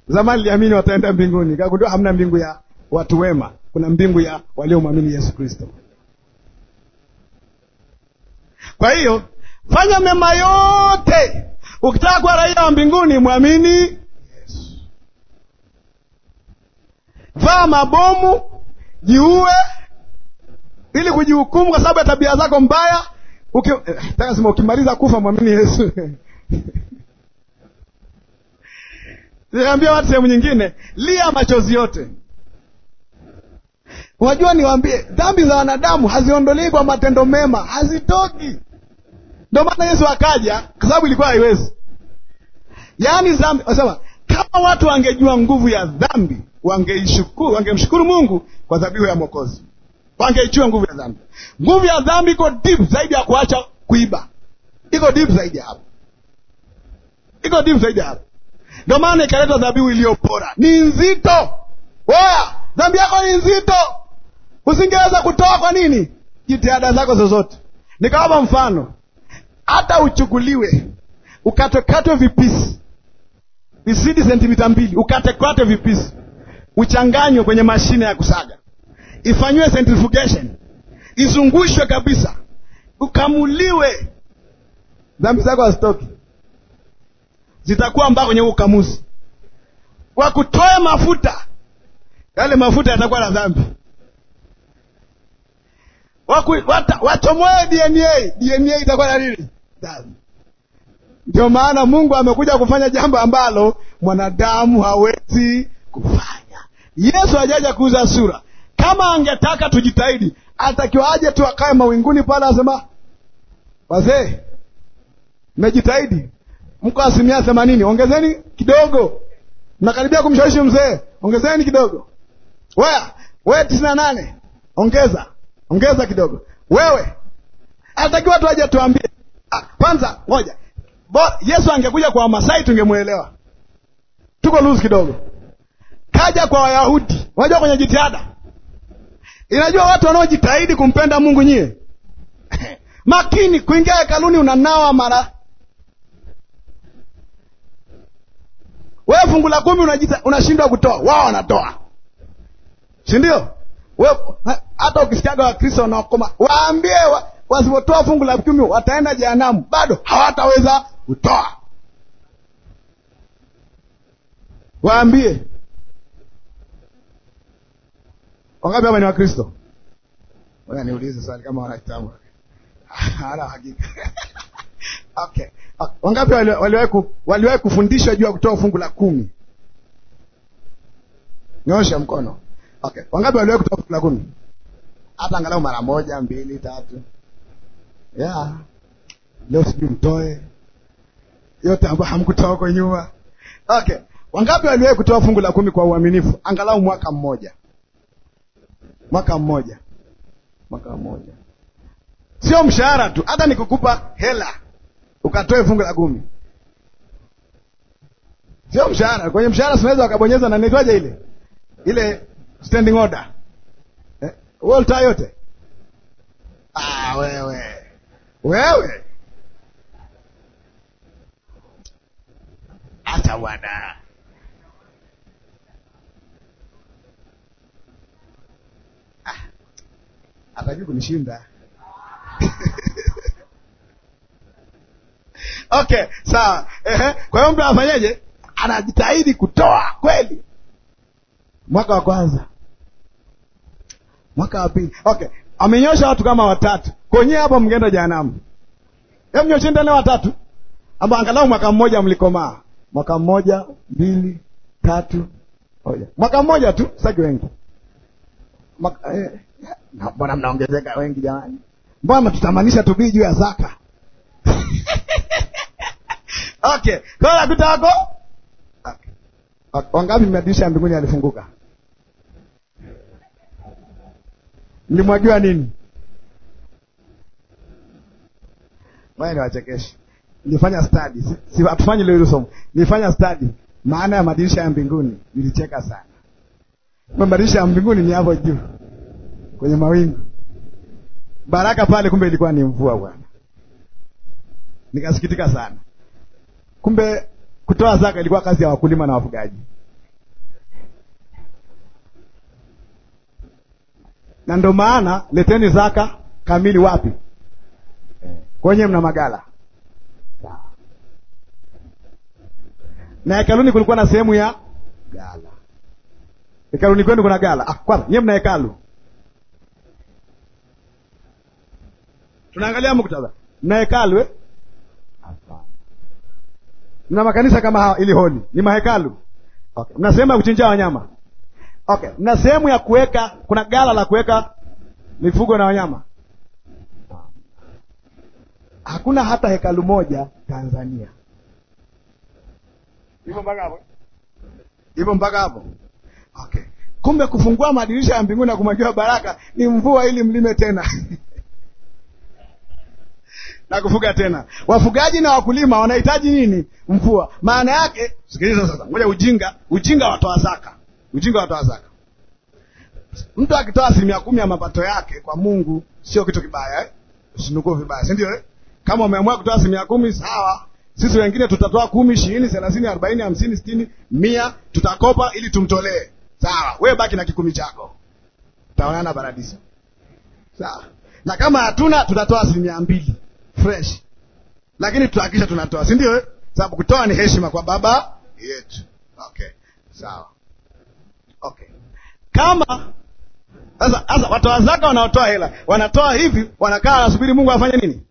Zamani liamini wataenda mbinguni, kagundua hamna mbingu ya watu wema, kuna mbingu ya waliomwamini Yesu Kristo. Kwa hiyo fanya mema yote ukitaka kuwa raia wa mbinguni mwamini Yesu. Vaa mabomu, jiue ili kujihukumu kwa sababu ya tabia zako mbaya. Eh, nataka sema ukimaliza kufa mwamini Yesu. iambia watu sehemu nyingine, lia machozi yote. Wajua, niwaambie, dhambi za wanadamu haziondolewi kwa matendo mema, hazitoki. Ndio maana Yesu akaja, kwa sababu ilikuwa haiwezi. Yaani dhambi, wasema kama watu wangejua nguvu ya dhambi, wangeishukuru, wangemshukuru Mungu kwa dhabihu ya Mwokozi. Wangejua nguvu ya dhambi. Nguvu ya dhambi iko deep zaidi ya kuacha kuiba, iko deep zaidi ya hapo, iko deep zaidi ya hapo. Ndio maana ikaleta dhabihu iliyo bora, ni nzito. Oya, dhambi yako ni nzito, usingeweza kutoa. Kwa nini? Jitihada zako zozote. Nikawapa mfano hata uchukuliwe ukatwekatwe vipisi visidi sentimita mbili, ukatekate vipisi, uchanganywe kwenye mashine ya kusaga, ifanyiwe centrifugation, izungushwe kabisa, ukamuliwe, dhambi zako hazitoki, zitakuwa mbaa kwenye ukamuzi wa kutoa mafuta. Yale mafuta yatakuwa na dhambi. Wachomoe DNA, DNA itakuwa na nini? dhambi. Ndio maana Mungu amekuja kufanya jambo ambalo mwanadamu hawezi kufanya. Yesu hajaja kuuza sura. Kama angetaka tujitahidi, atakiwa aje tu akae mawinguni pale, asema wazee, mmejitahidi, mko asilimia themanini, ongezeni kidogo. Mnakaribia kumshawishi mzee, ongezeni kidogo. Weya wewe tisini na nane, ongeza ongeza kidogo. Wewe atakiwa tu aje tuambie Ah, kwanza ngoja, bo Yesu angekuja kwa Wamasai tungemwelewa, tuko loose kidogo. Kaja kwa Wayahudi, unajua kwenye jitihada, inajua watu wanaojitahidi kumpenda Mungu nyie makini kuingia hekaluni, unanawa mara wewe fungu la kumi unajita unashindwa kutoa, wao wanatoa, si ndio? Hata ukisikiaga Wakristo wanaokoma waambie wa, wasipotoa fungu la kumi wataenda jehanamu, bado hawataweza kutoa. Waambie wangapi hapa ni Wakristo? Ngoja niulize swali kama wana kitabu hana hakika okay. okay. Wangapi waliwahi waliwahi kufundishwa juu ya kutoa fungu la kumi? Nyosha mkono. Okay. Wangapi waliwahi kutoa fungu la kumi? Hata angalau mara moja, mbili, tatu yeah. Leo sijui mtoe yote ambayo hamkutoa kwa nyuma. Okay, wangapi waliwahi kutoa fungu la kumi kwa uaminifu angalau mwaka mmoja? Mwaka mmoja, mwaka mmoja, sio mshahara tu, hata nikukupa hela ukatoe fungu la kumi, sio mshahara. Kwenye mshahara sinaweza wakabonyeza na naitwaje ile ile standing order eh? yote ah, wewe wewe hata wana ah, atajui kunishinda. Okay, sawa. Ehe, kwa hiyo mtu anafanyaje? Anajitahidi kutoa kweli, mwaka wa kwanza, mwaka wa pili. Okay, amenyosha watu kama watatu kwenye hapo mngenda jahanamu. Hebu nyosheni tena watatu ambao angalau mwaka mmoja mlikomaa, mwaka mmoja, mbili, tatu, moja, mwaka mmoja tu, saki wengi Maka, eh, mbona mnaongezeka wengi jamani? Mbona tutamanisha tubii juu ya zaka? Okay, kwa nakuta wako wangapi? Madirisha ya mbinguni yalifunguka, mlimwagiwa nini? ni wachekeshi. Nilifanya study, si hatufanyi leo somo. Nilifanya study maana ya madirisha ya mbinguni, nilicheka sana. Kwa madirisha ya mbinguni ni hapo juu kwenye mawingu. Baraka pale kumbe ilikuwa ni mvua bwana. Nikasikitika sana. Kumbe kutoa zaka ilikuwa kazi ya wakulima na wafugaji. Na ndio maana leteni zaka kamili wapi? kwenye mna magala Na hekaluni kulikuwa na sehemu ya gala. Hekaluni kwenu kuna gala? Ah, kwanza nyie mna hekalu. Tunaangalia muktadha, mna hekalu eh? Mna makanisa kama hawa ili holi ni mahekalu okay. Mna sehemu ya kuchinjia wanyama okay. Mna sehemu ya kuweka, kuna gala la kuweka mifugo na wanyama hakuna hata hekalu moja Tanzania. Ipo mpaka hapo, hivyo mpaka hapo. Okay, kumbe kufungua madirisha ya mbinguni na kumwagiwa baraka ni mvua ili mlime tena na kufuga tena. Wafugaji na wakulima wanahitaji nini? Mvua. Maana yake, sikiliza sasa, ngoja ujinga, ujinga watoa zaka, ujinga watoa zaka. Mtu akitoa asilimia kumi ya mapato yake kwa Mungu sio kitu kibaya eh? Usinukuu vibaya, si ndio eh? Kama umeamua kutoa asilimia kumi, sawa. Sisi wengine tutatoa kumi, ishirini, thelathini, arobaini, hamsini, sitini, mia, tutakopa ili tumtolee. Sawa, wewe baki na kikumi chako, tutaonana paradisi. Sawa, na kama hatuna, tutatoa asilimia mbili fresh, lakini tutahakisha tunatoa, si ndio? Eh? Sababu kutoa ni heshima kwa baba yetu. Okay, sawa. Okay, kama sasa, sasa watoa zaka wanaotoa hela wanatoa hivi, wanakaa wanasubiri Mungu afanye nini?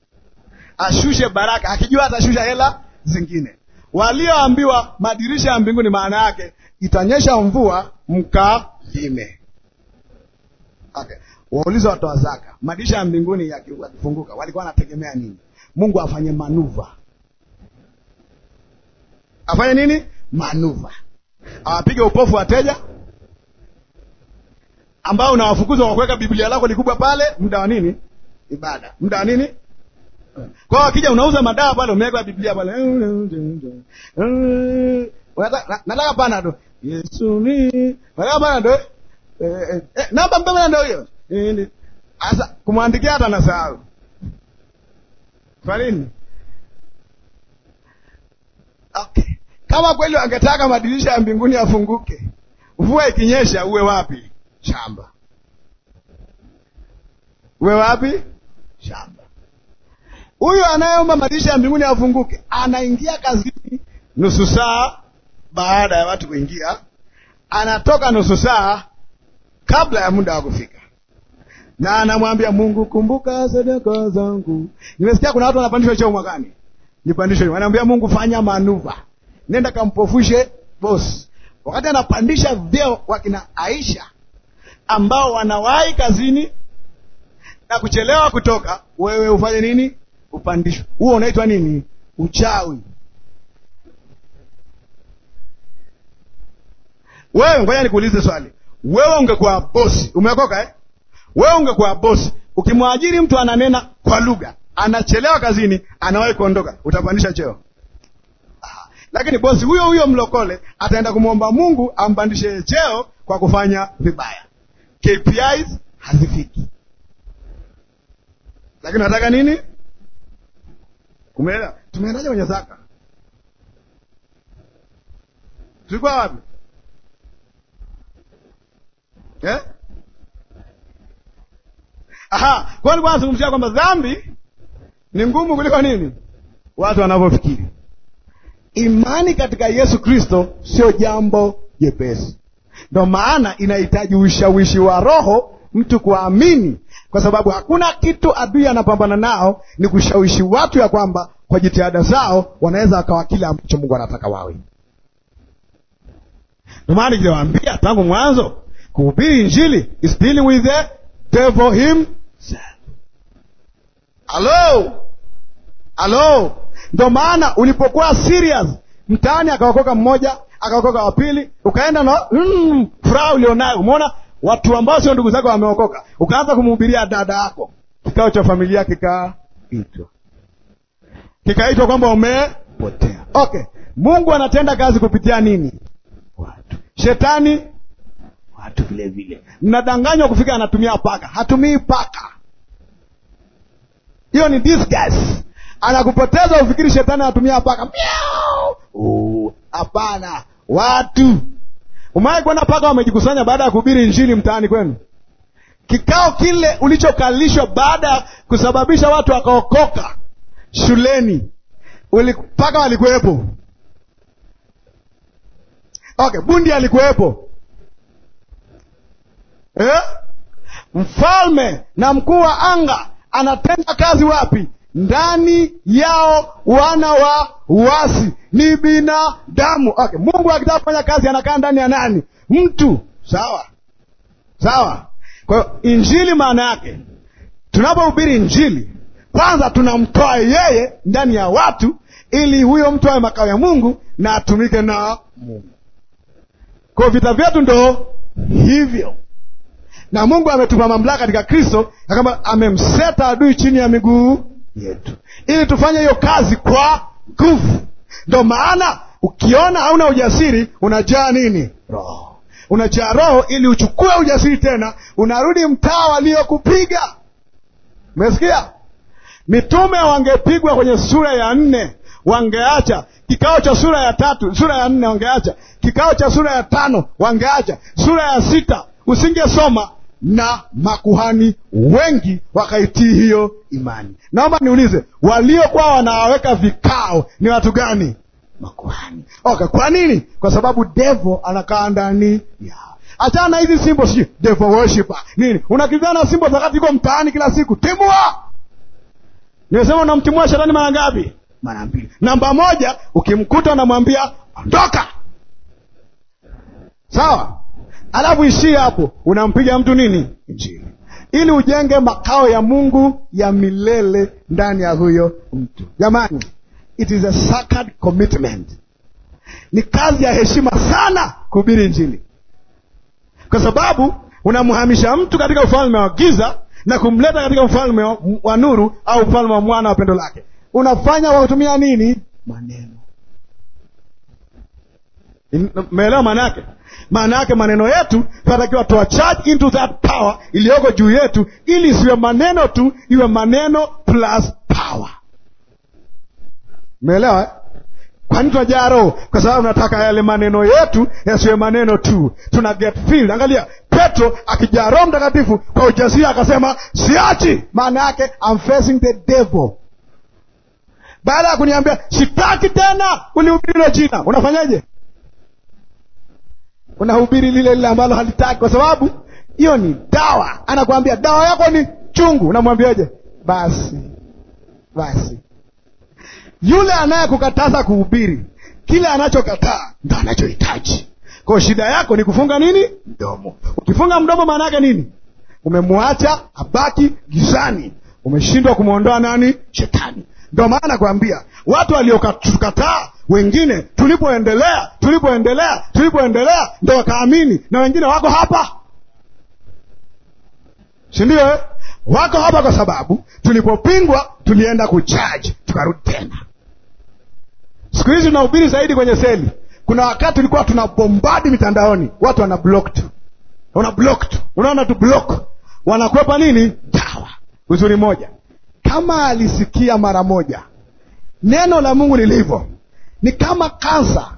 ashushe baraka, akijua atashusha hela zingine. Walioambiwa madirisha ya mbinguni, maana yake itanyesha mvua mkalime. Okay. Waulize watoa zaka, madirisha ya mbinguni yakifunguka, walikuwa wanategemea nini? Mungu afanye manuva, afanye nini? Manuva, awapige upofu wateja ambao unawafukuza kwa kuweka Biblia lako likubwa pale, muda wa nini? Ibada, muda wa nini? kwao akija unauza madawa pale, umeweka Biblia pale, nataka panado Yesu ni. nataka panado eh, eh, eh namba mpe panado hiyo. asa kumwandikia hata nasahau kwa nini? Okay. Kama kweli angetaka madirisha ya mbinguni yafunguke, mvua ikinyesha uwe wapi? Shamba. Uwe wapi? Shamba. Huyu anayeomba madirisha ya mbinguni afunguke anaingia kazini nusu saa baada ya watu kuingia, anatoka nusu saa kabla ya muda wa kufika, na anamwambia Mungu, kumbuka sadaka zangu. Nimesikia kuna watu wanapandishwa cheo mwakani, nipandishwe. Anamwambia Mungu, fanya manuva, nenda kampofushe boss. Wakati anapandisha vyeo wakina Aisha ambao wanawahi kazini na kuchelewa kutoka, wewe ufanye nini? upandishwe. Huo unaitwa nini? Uchawi. Wewe ngoja nikuulize swali, wewe ungekuwa bosi, umeokoka eh? Wewe ungekuwa bosi, ukimwajiri mtu ananena kwa lugha, anachelewa kazini, anawahi kuondoka, utapandisha cheo? lakini bosi huyo huyo mlokole ataenda kumwomba Mungu ampandishe cheo kwa kufanya vibaya. KPIs hazifiki, lakini nataka nini? Umeelewa? Tumeendaje kwenye zaka? Tulikuwa wapi? Eh? Aha, kwa nini anazungumzia kwamba dhambi ni ngumu kuliko nini? Watu wanavyofikiri. Imani katika Yesu Kristo sio jambo jepesi. Ndio maana inahitaji ushawishi wa Roho mtu kuamini kwa sababu hakuna kitu adui anapambana nao ni kushawishi watu ya kwamba kwa jitihada zao wanaweza wakawa kile ambacho Mungu anataka wawe. Ndio maana tangu mwanzo kuhubiri Injili is dealing with the devil himself. Hello? Hello? Ndio maana ulipokuwa serious mtaani akaokoka mmoja akaokoka wa pili, ukaenda na no, mm, furaha ulionayo, umeona watu ambao sio ndugu zako wameokoka, ukaanza kumhubiria dada yako, kikao cha familia kikaitwa, kikaitwa kwamba umepotea. Okay, Mungu anatenda kazi kupitia nini? Watu. Shetani watu vile vile, mnadanganywa kufika, anatumia paka. Hatumii paka, hiyo ni disguise. Anakupoteza ufikiri shetani anatumia paka. Hapana, watu Umewahi kwenda mpaka wamejikusanya baada ya kuhubiri injili mtaani kwenu? Kikao kile ulichokalishwa baada ya kusababisha watu wakaokoka shuleni, mpaka walikuwepo. Okay, bundi alikuwepo eh? Mfalme na mkuu wa anga anatenda kazi wapi? ndani yao wana wa uasi ni binadamu. Okay, Mungu akitaka kufanya kazi anakaa ndani ya nani? Mtu. Sawa sawa. Kwa hiyo injili maana yake, tunapohubiri injili, kwanza tunamtoa yeye ndani ya watu, ili huyo mtu awe makao ya Mungu na atumike na Mungu. Kwa vita vyetu ndo hivyo na Mungu ametupa mamlaka katika Kristo ya kwamba amemseta adui chini ya miguu yetu, ili tufanye hiyo kazi kwa nguvu. Ndo maana ukiona hauna ujasiri, unajaa nini? Roho. Unajaa Roho ili uchukue ujasiri tena, unarudi mtaa waliokupiga. Umesikia? Mitume wangepigwa kwenye sura ya nne wangeacha kikao cha sura ya tatu, sura ya nne wangeacha kikao cha sura ya tano, wangeacha sura ya sita, usingesoma na makuhani wengi wakaitii hiyo imani. Naomba niulize, waliokuwa wanawaweka vikao ni watu gani? Makuhani. Okay, kwa nini? Kwa sababu devo anakaa ndani ya Achana hizi simbo, sijui devo worshipa nini, unakimbizana simbo zakati iko mtaani kila siku. Timua, nimesema unamtimua shetani mara ngapi? Mara mbili. Namba moja, ukimkuta unamwambia ondoka, sawa alafu ishie hapo, unampiga mtu nini? Injili, ili ujenge makao ya Mungu ya milele ndani ya huyo mtu. Jamani, it is a sacred commitment. Ni kazi ya heshima sana kuhubiri Injili, kwa sababu unamhamisha mtu katika ufalme wa giza na kumleta katika ufalme wa nuru au ufalme wa mwana wa pendo lake. Unafanya kwa kutumia nini? Maneno meelewa maana yake? Maana yake maneno yetu tunatakiwa toa charge into that power iliyoko juu yetu, ili isiwe maneno tu, iwe maneno plus power. meelewa eh? Kwani tunajaa Roho kwa sababu tunataka yale maneno yetu yasiwe maneno tu, tuna get filled. Angalia Petro akijaa Roho Mtakatifu kwa ujasiri akasema siachi. Maana yake I'm facing the devil. Baada ya kuniambia sitaki tena kulihubiri jina, unafanyaje? unahubiri lile lile ambalo halitaki, kwa sababu hiyo ni dawa. Anakuambia dawa yako ni chungu, unamwambiaje? Basi basi, yule anayekukataza kuhubiri kile anachokataa ndo anachohitaji. Kwa shida yako ni kufunga nini? Mdomo. Ukifunga mdomo, maana yake nini? Umemwacha abaki gizani, umeshindwa kumwondoa nani? Shetani. Ndo maana nakwambia watu waliokataa wengine tulipoendelea tulipoendelea tulipoendelea ndo wakaamini, na wengine wako hapa, sindio Eh, wako hapa kwa sababu tulipopingwa tulienda kuchaji, tukarudi tena. Siku hizi tunahubiri zaidi kwenye seli. Kuna wakati tulikuwa bombadi mitandaoni, watu wana block tu, wana block tu, unaona tu block, wanakwepa nini? Dawa. Uzuri moja, kama alisikia mara moja neno la Mungu lilivyo ni kama kansa,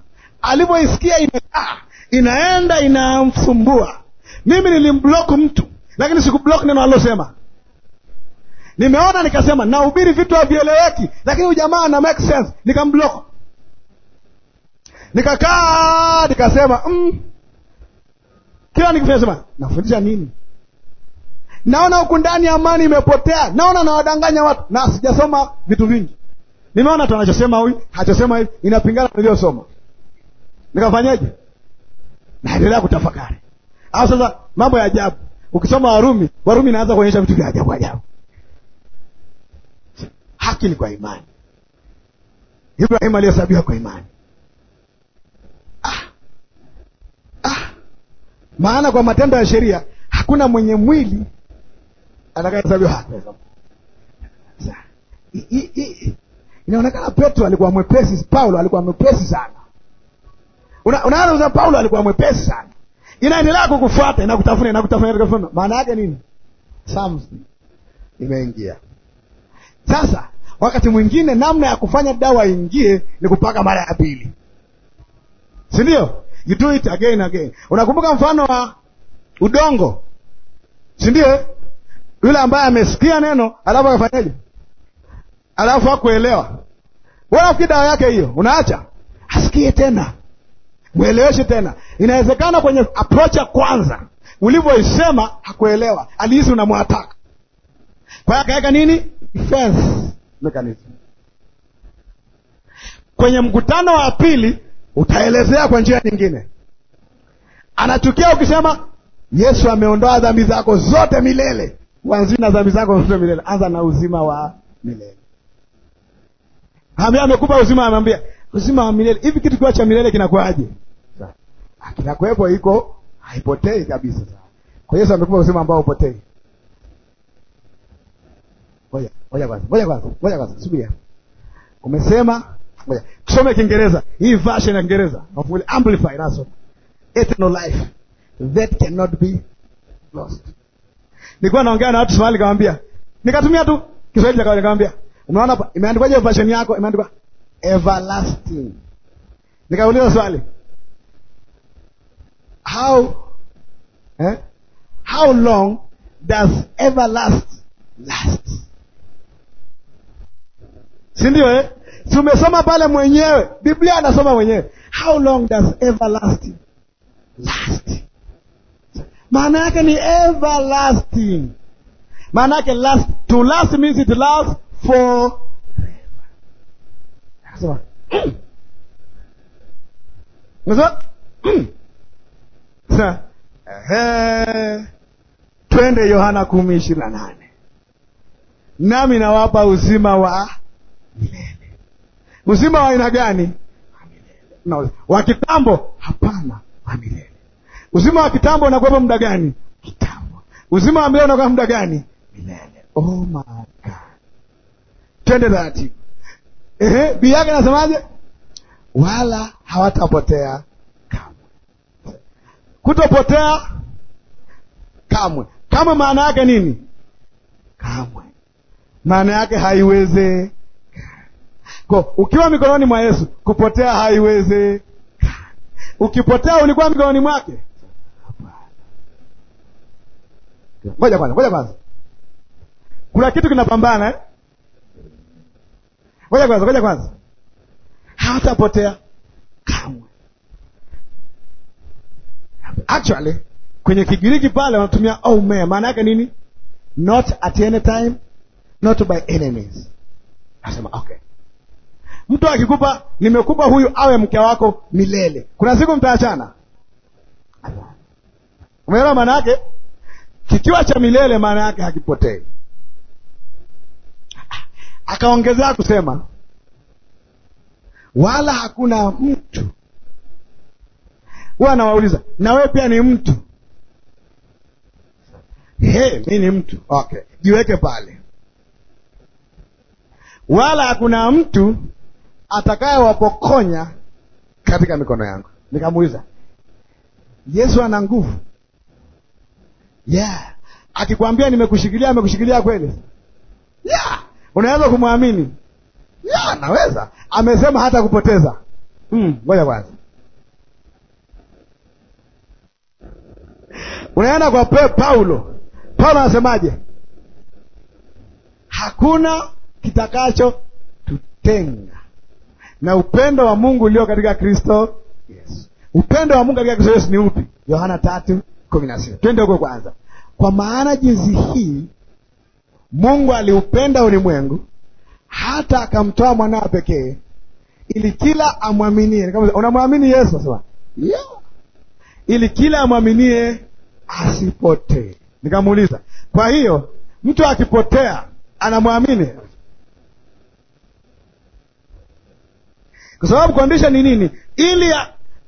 alivyoisikia imekaa, inaenda inamsumbua. Mimi nilimbloku mtu, lakini sikubloku neno alilosema. Nimeona nikasema, nahubiri vitu havieleweki, lakini ujamaa na make sense, nikambloku. Nikakaa nikasema, mm, kila nikifanya sema, nafundisha nini? Naona huku ndani amani imepotea, naona nawadanganya watu na sijasoma vitu vingi Nimeona tu anachosema huyu, hachosema hivi, inapingana niliyosoma. Nikafanyaje? Naendelea kutafakari. Au sasa mambo ya ajabu. Ukisoma Warumi, Warumi inaanza kuonyesha vitu vya ajabu ajabu. Haki ni kwa imani. Ibrahimu aliyesabiwa kwa imani. Ah. Ah. Maana kwa matendo ya sheria hakuna mwenye mwili atakayehesabiwa haki. Inaonekana Petro alikuwa mwepesi, Paulo alikuwa mwepesi sana. Unaanza una Paulo alikuwa mwepesi sana, inaendelea kukufuata, inakutafuna, inakutafuna, inakutafuna. Maana yake nini? Something imeingia. Sasa wakati mwingine namna ya kufanya dawa ingie ni kupaka mara ya pili, si ndio? You do it again again. Unakumbuka mfano wa udongo, si ndio? Yule ambaye amesikia neno alafu akafanyaje? alafu akuelewa wewe, nafikiri dawa yake hiyo, unaacha asikie tena, mweleweshe tena. Inawezekana kwenye approach ya kwanza ulivyoisema hakuelewa, alihisi unamwataka, kwa hiyo akaweka nini, defense mechanism. Kwenye mkutano wa pili utaelezea kwa njia nyingine. Anachukia ukisema Yesu ameondoa dhambi zako zote milele, wanzini na dhambi zako zote milele, anza na uzima wa milele amekupa uzima, anamwambia uzima wa milele. Hivi kitu kiwa cha milele kinakuwaje? Ah, kinakuwepo, iko haipotei kabisa. Sasa Kwa Yesu amekupa uzima ambao upotei. Ngoja ngoja kwanza, ngoja kwanza, ngoja kwanza, subiria. Umesema ngoja tusome Kiingereza, hii version ya Kiingereza of will amplify naso eternal life that cannot be lost. Nilikuwa naongea na watu Swahili, kawaambia nikatumia tu Kiswahili, kawaambia Umeona hapa imeandikwaje version yako? Imeandikwa everlasting. Nikauliza swali. How eh? How long does everlast last? Si ndio eh? Si umesoma pale mwenyewe. Biblia anasoma mwenyewe. How long does everlasting last? Maana yake ni everlasting. Maana yake last to last means it lasts forever. Akasema nasema sa twende Yohana kumi ishirini na nane nami nawapa uzima wa milele. Uzima wa aina gani? Wa kitambo? Hapana, wa milele. Uzima wa kitambo unakuwepo muda gani? Kitambo. Uzima wa milele unakuwa muda gani? Milele. Oh my God twende taratibu. Ehe, yake nasemaje Wala hawatapotea kamwe. Kutopotea kamwe, kamwe maana yake nini? Kamwe maana yake haiweze ko, ukiwa mikononi mwa Yesu kupotea haiweze. Ukipotea ulikuwa mikononi mwake. Ngoja kwanza, ngoja kwanza, kuna kitu kinapambana eh? Ngoja kwanza, ngoja kwanza, hawatapotea kamwe. Actually kwenye Kigiriki pale wanatumia oumea, oh maana yake nini? Not at any time, not by enemies. Nasema okay, mtu akikupa, nimekupa huyu awe mke wako milele, kuna siku mtaachana. Umeelewa maana yake? Kikiwa cha milele, maana yake hakipotei. Akaongezea kusema wala hakuna mtu. Huwa anawauliza na wewe pia ni mtu? He, mi ni mtu. Okay, jiweke pale. Wala hakuna mtu atakayewapokonya katika mikono yangu. Nikamuuliza, Yesu ana nguvu? Yeah. Akikwambia nimekushikilia, amekushikilia kweli? Yeah. Unaweza kumwamini? naweza. Amesema hata kupoteza. Mm, ngoja kwanza. Unaenda kwa pe Paulo. Paulo anasemaje? Hakuna kitakacho tutenga na upendo wa Mungu ulio katika Kristo Yesu. Upendo wa Mungu katika Kristo Yesu ni upi? Yohana tatu kumi na sita. Twende huko kwanza. Kwa maana jinsi hii Mungu aliupenda ulimwengu hata akamtoa mwanawe pekee, ili kila amwaminie. unamwamini Yesu sasa, yeah. ili kila amwaminie asipotee. Nikamuuliza, kwa hiyo mtu akipotea anamwamini? Kwa sababu condition ni nini? Ili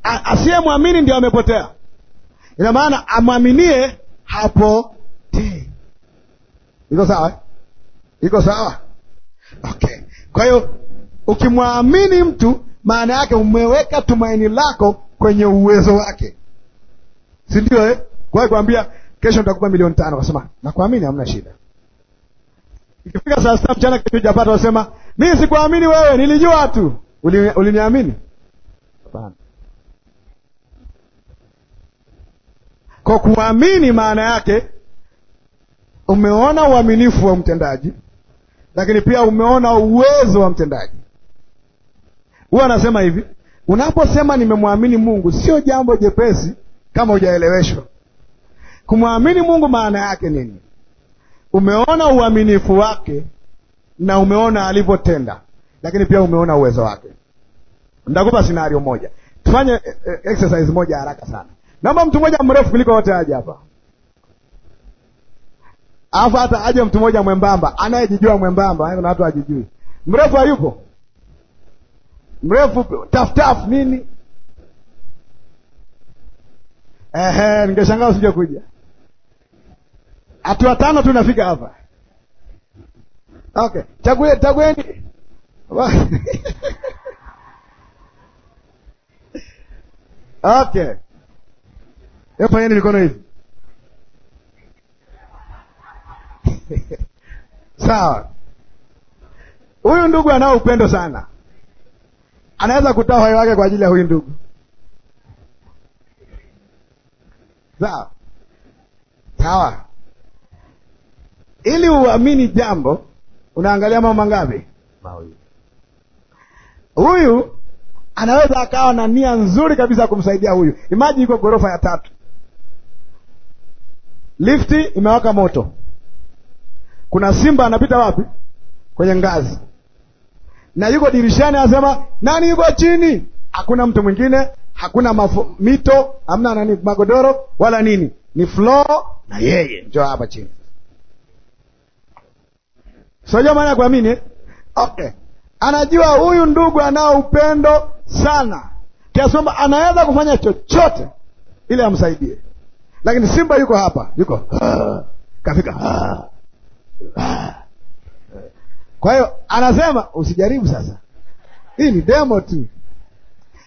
asiyemwamini ndio amepotea. Ina maana amwaminie hapo iko sawa iko sawa okay. Kwa hiyo ukimwamini mtu, maana yake umeweka tumaini lako kwenye uwezo wake, si ndio eh? Kwa hiyo kwambia kesho nitakupa milioni tano, kasema nakuamini, hamna shida. Ikifika saa sita mchana, kesho japata, wasema mimi sikuamini wewe, nilijua tu. Uliniamini? Hapana. Kwa kuamini maana yake Umeona uaminifu wa mtendaji, lakini pia umeona uwezo wa mtendaji. Huwa anasema hivi, unaposema nimemwamini Mungu sio jambo jepesi kama hujaeleweshwa. Kumwamini Mungu maana yake nini? Umeona uaminifu wake na umeona alivyotenda, lakini pia umeona uwezo wake. Nitakupa scenario moja, tufanye eh, eh, exercise moja haraka sana. Naomba mtu mmoja mrefu kuliko wote aje hapa alafu hata aje mtu mmoja mwembamba anayejijua mwembamba, na watu hawajijui. Mrefu hayupo, mrefu tafutaf nini? Ehe, ningeshangaa usije kuja. Hatua tano tu nafika hapa. Okay, chague chagueni okay, fanyeni mikono hivi Sawa, huyu ndugu anao upendo sana, anaweza kutoa uhai wake kwa ajili ya huyu ndugu. Sawa sawa, ili uamini jambo, unaangalia mambo mangapi? Mawili. Huyu anaweza akawa na nia nzuri kabisa kumsaidia huyu. Imagine iko ghorofa ya tatu, lifti imewaka moto kuna simba anapita wapi? Kwenye ngazi, na yuko dirishani, anasema nani yuko chini? Hakuna mtu mwingine, hakuna mafu, mito, hamna nani, magodoro wala nini, ni floor na yeye, njoo hapa chini. Sio maana ya kuamini, okay. Anajua huyu ndugu anao upendo sana kiasi kwamba anaweza kufanya chochote ili amsaidie, lakini simba yuko hapa, yuko ah, kafika ah, Kwa hiyo anasema usijaribu sasa, hii ni demo tu.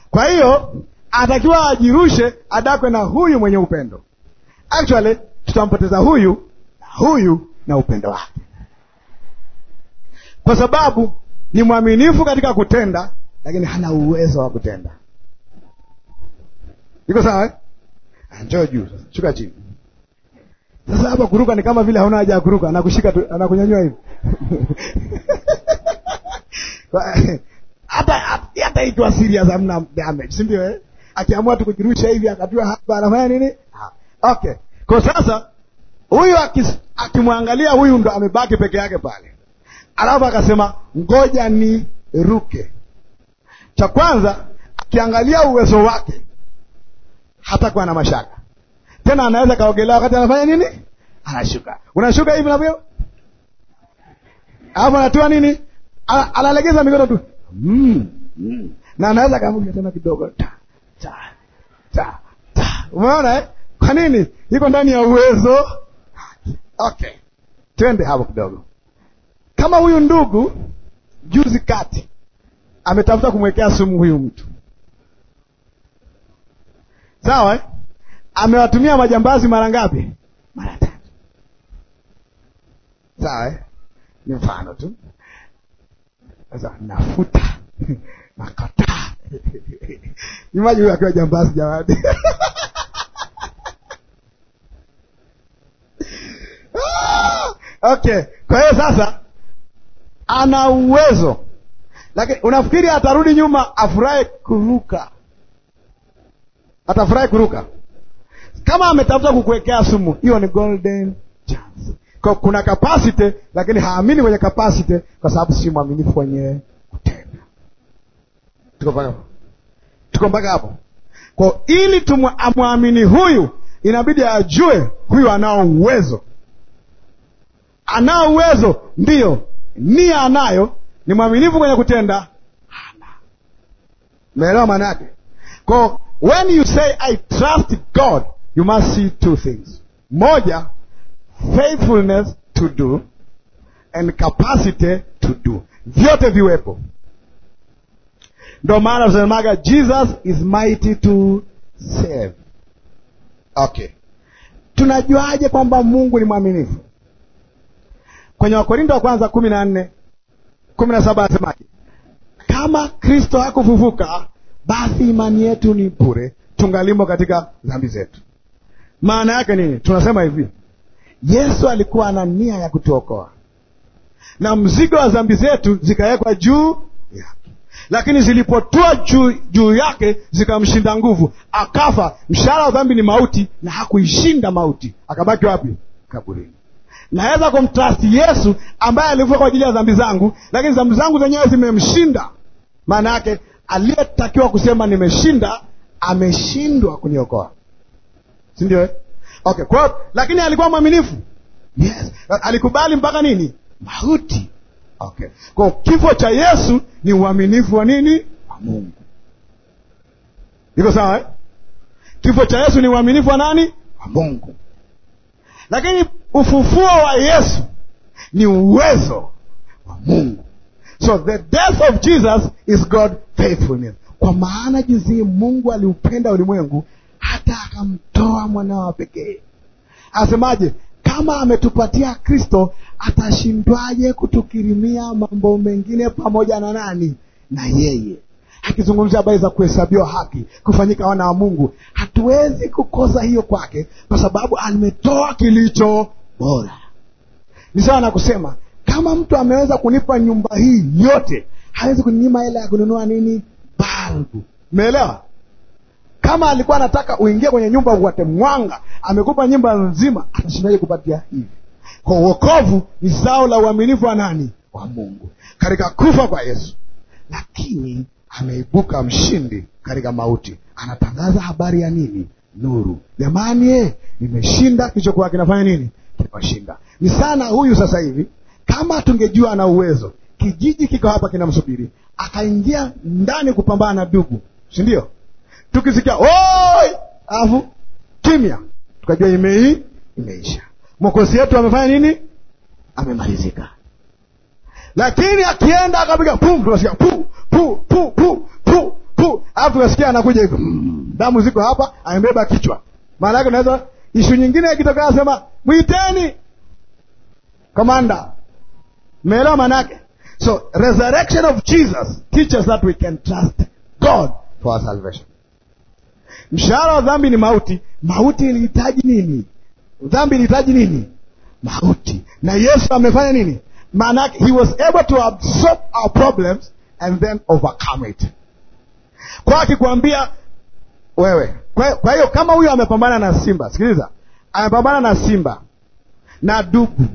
Kwa hiyo atakiwa ajirushe, adakwe na huyu mwenye upendo. Actually tutampoteza huyu na huyu na upendo wake, kwa sababu ni mwaminifu katika kutenda, lakini hana uwezo wa kutenda. Iko sawa? Eh? Ah, njoo juu sasa, shuka chini. Sasa hapa kuruka ni kama vile hauna haja ya kuruka, anakushika tu, anakunyanyua hivi hata hata ikiwa serious hamna damage, si ndio? Eh, akiamua tu kujirusha hivi akatua hapa, anafanya nini? Okay, kwa sasa huyu akimwangalia huyu ndo amebaki peke yake pale, alafu akasema ngoja ni ruke. Cha kwanza akiangalia uwezo wake hatakuwa na mashaka tena anaweza kaogelea wakati anafanya nini? Anashuka, unashuka hivi na alafu anatua nini, analegeza mikono tu mm, mm. na anaweza kavuja tena kidogo ta ta ta ta. Umeona eh? Kwa nini? Iko ndani ya uwezo. Okay, twende hapo kidogo. Kama huyu ndugu juzi kati ametafuta kumwekea sumu huyu mtu, sawa eh? amewatumia majambazi mara ngapi? Mara tatu. Sawa, eh? ni mfano tu. Sasa nafuta nakataa imaji huyo akiwa jambazi, jamani okay. Kwa hiyo sasa ana uwezo, lakini unafikiri atarudi nyuma afurahi kuruka? Atafurahi kuruka? Kama ametafuta kukuwekea sumu, hiyo ni golden chance. Kwa kuna capacity, lakini haamini kwenye capacity kwa sababu si mwaminifu kwenye kutenda. Tuko mpaka hapo, tuko mpaka hapo. Kwa ili tumwamini huyu, inabidi ajue huyu anao uwezo, anao uwezo, ndiyo nia anayo, ni mwaminifu kwenye kutenda Umeelewa maana yake? Kwa when you say I trust God, you must see two things. Moja, faithfulness to do and capacity to do, vyote viwepo. Ndo maana tunasemaga Jesus is mighty to save. Okay, tunajuaje kwamba Mungu ni mwaminifu? Kwenye Wakorinto wa kwanza kumi na nne kumi na saba anasemaje? Kama Kristo hakufufuka, basi imani yetu ni bure, tungalimo katika dhambi zetu. Maana yake nini? Tunasema hivi, Yesu alikuwa na nia ya kutuokoa na mzigo wa dhambi zetu zikawekwa juu yake, lakini zilipotua juu, juu yake zikamshinda nguvu, akafa. Mshahara wa dhambi ni mauti, na hakuishinda mauti, akabaki wapi? Kaburini. Naweza kumtrasti Yesu ambaye alikufa kwa ajili ya dhambi zangu, lakini dhambi zangu zenyewe zimemshinda. Maana yake aliyetakiwa kusema nimeshinda ameshindwa kuniokoa sindio? Eh? Okay, kwa lakini alikuwa mwaminifu yes. Alikubali mpaka nini? Mauti. Okay, kwa kifo cha Yesu ni uaminifu wa nini? Wa Mungu. Iko sawa eh? Kifo cha Yesu ni uaminifu wa nani? Wa Mungu. Lakini ufufuo wa Yesu ni uwezo wa Mungu. So the death of Jesus is God faithfulness. Kwa maana jinsi Mungu aliupenda ulimwengu hata akamtoa mwanawa pekee. Asemaje? Kama ametupatia Kristo, atashindwaje kutukirimia mambo mengine pamoja na nani? Na yeye akizungumzia habari za kuhesabiwa haki, kufanyika wana wa Mungu. Hatuwezi kukosa hiyo kwake, kwa sababu ametoa kilicho bora. Ni sawa na kusema kama mtu ameweza kunipa nyumba hii yote, hawezi kuninyima hela ya kununua nini, balbu. Umeelewa? Kama alikuwa anataka uingie kwenye nyumba uwate mwanga, amekupa nyumba nzima, atashindaje kupatia hivi? Kwa uokovu ni zao la uaminifu wa nani? Wa Mungu katika kufa kwa Yesu, lakini ameibuka mshindi katika mauti. Anatangaza habari ya nini? Nuru. Jamani, eh, nimeshinda kilichokuwa kinafanya nini? Kinashinda. Ni sana huyu sasa hivi, kama tungejua ana uwezo, kijiji kiko hapa kinamsubiri, akaingia ndani kupambana na dugu, si ndio? tukisikia oi, alafu kimya, tukajua imei imeisha. Mwokozi yetu amefanya nini? Amemalizika. Lakini akienda akapiga pum, tunasikia pu pu pu pu pu pu, alafu tunasikia anakuja hivyo, mm, damu ziko hapa, amebeba kichwa. Maana yake unaweza ishu nyingine ikitokea, asema mwiteni komanda. Meelewa maana yake? So resurrection of Jesus teaches that we can trust God for our salvation. Mshahara wa dhambi ni mauti. Mauti ilihitaji nini? Dhambi ilihitaji nini? Mauti. Na Yesu amefanya nini? Maana he was able to absorb our problems and then overcome it. Kwa akikwambia wewe, kwa hiyo kama huyo amepambana na simba, sikiliza, amepambana na simba na dubu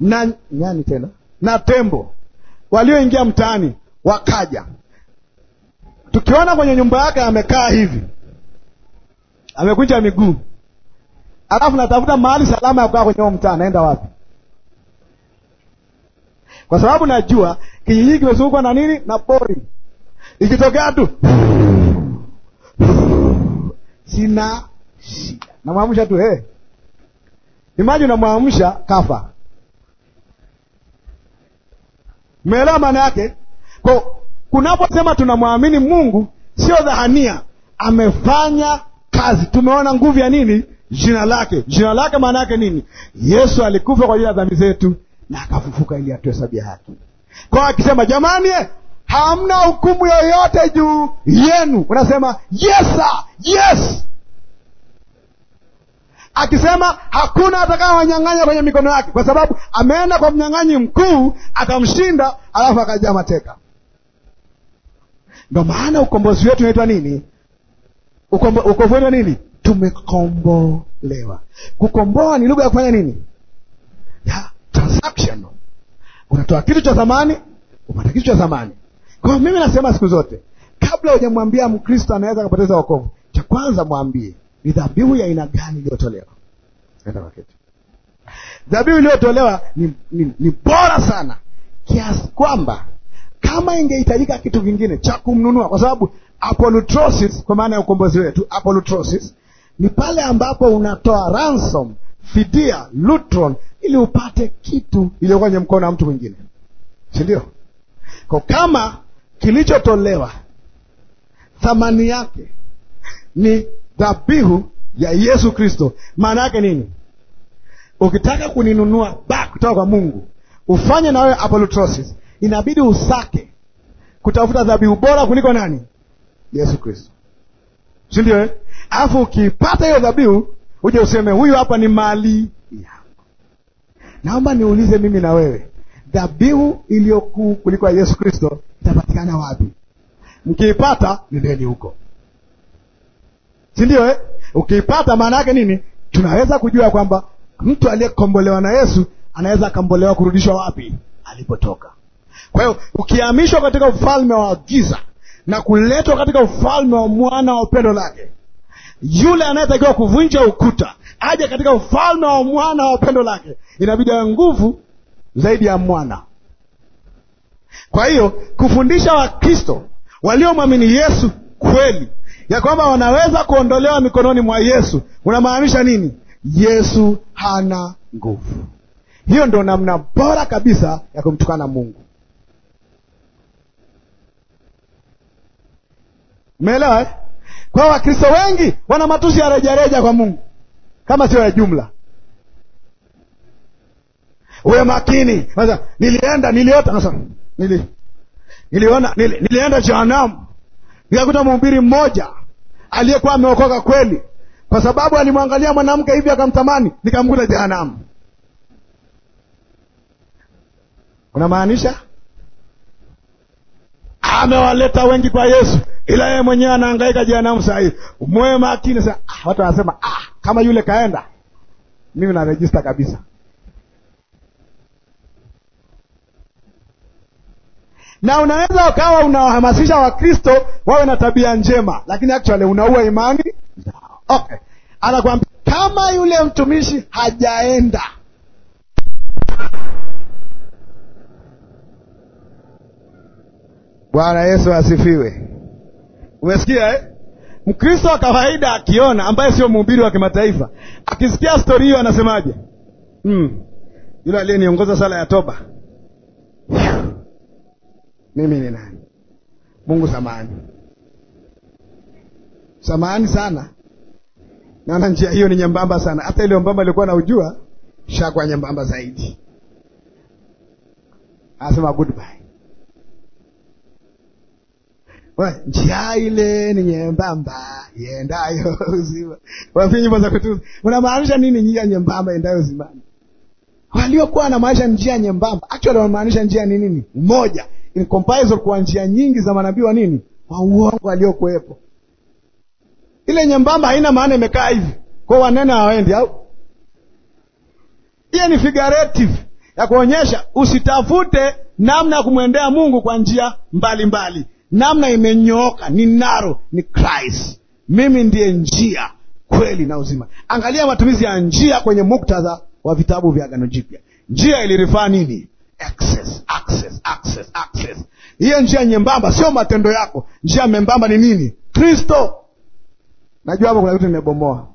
na nani tena na tembo walioingia mtaani wakaja, tukiona kwenye nyumba yake amekaa hivi amekunja miguu, alafu natafuta mahali salama ya kukaa kwenye huo mtaa, naenda wapi? Kwa sababu najua kijiji kimezungukwa na nini na pori, ikitokea tu sina shida, namwamsha tu hey. Eh. Imaji unamwamsha kafa. meelewa maana yake? Kunaposema tunamwamini Mungu sio dhahania, amefanya kazi. Tumeona nguvu ya nini? Jina lake. Jina lake maana yake nini? Yesu alikufa kwa ajili ya dhambi zetu na akafufuka ili atuhesabie haki. Kwa akisema jamani, hamna hukumu yoyote juu yenu, unasema yes sir, yes. Akisema hakuna wanyang'anya kwenye mikono yake, kwa sababu ameenda kwa mnyang'anyi mkuu akamshinda, alafu akajaa mateka. Ndo maana ukombozi wetu unaitwa nini? Ukombozi wetu nini? Tumekombolewa. Kukomboa ni lugha ya kufanya nini? Ya Unatoa kitu cha thamani, unapata kitu cha thamani. Kwa hiyo mimi nasema siku zote, kabla hujamwambia Mkristo anaweza kupoteza wokovu, cha kwanza mwambie ni dhabihu ya aina gani iliyotolewa. Nenda Dhabihu iliyotolewa ni, ni, ni bora sana kiasi kwamba kama ingehitajika kitu kingine cha kumnunua, kwa sababu apolutrosis kwa maana ya ukombozi wetu. Apolutrosis ni pale ambapo unatoa ransom, fidia, lutron, ili upate kitu iliyo kwenye mkono wa mtu mwingine, si ndio? Kwa kama kilichotolewa thamani yake ni dhabihu ya Yesu Kristo, maana yake nini? Ukitaka kuninunua back kutoka kwa Mungu, ufanye na wewe apolutrosis, inabidi usake kutafuta dhabihu bora kuliko nani? Yesu Kristo, si ndio eh? Alafu ukipata hiyo dhabihu uje useme huyu hapa ni mali yako. Naomba niulize mimi na wewe, dhabihu iliyokuu kuliko ya Yesu Kristo itapatikana wapi? Mkiipata nendeni huko, si ndio eh? Ukiipata maana yake nini? Tunaweza kujua kwamba mtu aliyekombolewa na Yesu anaweza akambolewa kurudishwa wapi alipotoka. Kwa hiyo ukihamishwa katika ufalme wa giza na kuletwa katika ufalme wa mwana wa upendo lake. Yule anayetakiwa kuvunja ukuta aje katika ufalme wa mwana wa upendo lake, inabidi awe nguvu zaidi ya mwana. Kwa hiyo kufundisha Wakristo waliomwamini Yesu kweli ya kwamba wanaweza kuondolewa mikononi mwa Yesu unamaanisha nini? Yesu hana nguvu. Hiyo ndo namna bora kabisa ya kumtukana Mungu. Umeelewa eh? Kwa Wakristo wengi wana matusi ya rejareja kwa Mungu kama sio ya jumla. Uwe makini. Sasa nilienda niliota sasa nili niliona nili, nilienda jehanamu nikakuta mhubiri mmoja aliyekuwa ameokoka kweli, kwa sababu alimwangalia mwanamke hivi akamtamani, nikamkuta jehanamu. Unamaanisha amewaleta wengi kwa Yesu, ila yeye mwenyewe anahangaika jehanamu saa hii. Mwe makini Ah, watu wanasema ah, kama yule kaenda, mimi na rejista kabisa. Na unaweza ukawa unawahamasisha Wakristo wawe na tabia njema, lakini actually unaua imani. Okay, anakwambia kama yule mtumishi hajaenda Bwana Yesu asifiwe. Umesikia eh? Mkristo wa kawaida akiona, ambaye sio mhubiri wa kimataifa, akisikia stori hiyo anasemaje? Hmm. yule aliyeniongoza sala ya toba mimi ni nani? Mungu samahani, samahani sana. Naona njia hiyo ni nyembamba sana, hata ile mbamba ilikuwa naujua shakwa nyembamba zaidi. Anasema goodbye njia ile ni nyembamba iendayo uzima. Wapi nyimbo za kutuza? Unamaanisha nini njia nyembamba iendayo uzimani? Waliokuwa wanamaanisha njia nyembamba, actually wanamaanisha njia ni nini? Moja, in comparison kwa njia nyingi za manabii wa nini, wa uongo waliokuwepo. Ile nyembamba haina maana, imekaa hivi kwao, wanene hawaendi au hiyo ni figurative ya kuonyesha usitafute namna ya kumwendea Mungu kwa njia mbalimbali mbali namna imenyooka ni naro ni Christ. Mimi ndiye njia, kweli na uzima. Angalia matumizi ya njia kwenye muktadha wa vitabu vya Agano Jipya. Njia ilirifaa nini? Access, access, access, access. Hiyo njia nyembamba sio matendo yako. Njia membamba ni nini? Kristo. Najua hapo kuna vitu nimebomoa.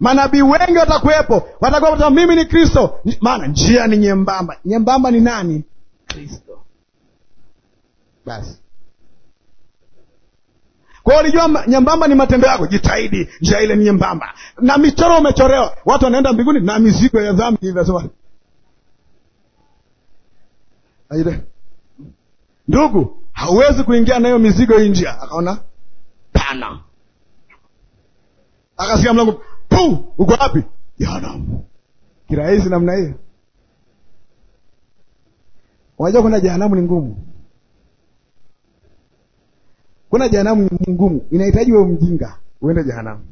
Manabii wengi watakuwepo, watakuwa mimi ni Kristo, maana njia ni nyembamba. Nyembamba ni nani? Kristo. Basi kwa hiyo ulijua nyembamba ni matendo yako, jitahidi njia ile ni nyembamba, na michoro umechorewa, watu wanaenda mbinguni na mizigo ya dhambi. Inasema ndugu, hauwezi kuingia hiyo mizigo hii njia. Akaona pana, akasikia mlango pu, uko wapi? Jehanamu. Kirahisi namna hiyo. Unajua kuna jehanamu ni ngumu, kuna jehanamu ni ngumu, inahitaji wewe mjinga uende jehanamu.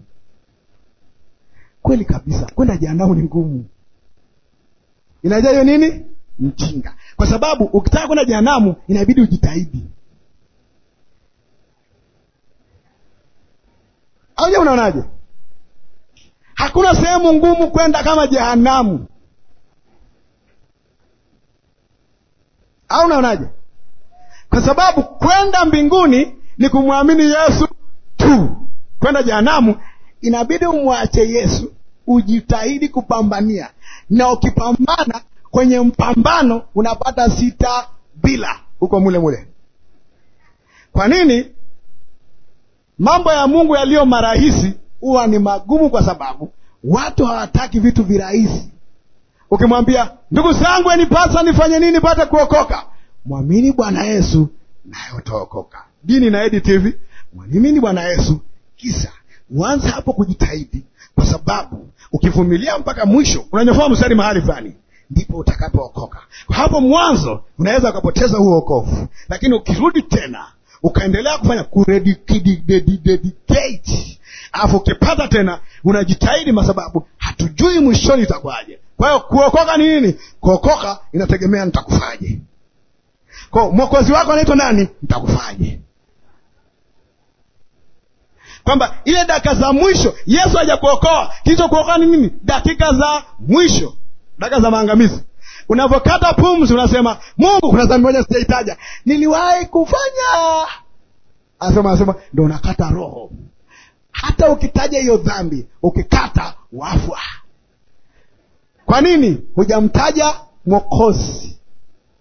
Kweli kabisa, kwenda jehanamu ni ngumu, inajua hiyo nini, mjinga, kwa sababu ukitaka kwenda jehanamu inabidi ujitahidi. Au unaonaje? Hakuna sehemu ngumu kwenda kama jehanamu. au unaonaje? Kwa sababu kwenda mbinguni ni kumwamini Yesu tu. Kwenda jehanamu inabidi umwache Yesu, ujitahidi kupambania, na ukipambana kwenye mpambano unapata sita bila huko mule mule. Kwa nini? Mambo ya Mungu yaliyo marahisi huwa ni magumu, kwa sababu watu hawataki vitu virahisi. Ukimwambia ndugu zangu, enipasa nifanye nini pate kuokoka? Mwamini Bwana Yesu naye utaokoka. Dini na Edi TV, mwamini Bwana Yesu kisa uanze hapo kujitahidi, kwa sababu ukivumilia mpaka mwisho unanyofoa mstari mahali fulani, ndipo utakapookoka. Hapo mwanzo unaweza ukapoteza huo wokovu, lakini ukirudi tena ukaendelea kufanya kurededicate, alafu ukipata tena unajitahidi, kwa sababu hatujui mwishoni itakuwaje. Kwa hiyo kuokoka ni nini? Kuokoka inategemea nitakufaje. Kwa mwokozi wako anaitwa nani? Nitakufaje? Kwamba ile dakika za mwisho Yesu hajakuokoa. Kilichokuokoa ni nini? Dakika za mwisho, dakika za maangamizi. Unavyokata pumzi unasema, Mungu, kuna dhambi moja sijaitaja, niliwahi kufanya. Anasema, anasema ndo unakata roho. Hata ukitaja hiyo dhambi, ukikata wafwa kwa nini hujamtaja Mwokozi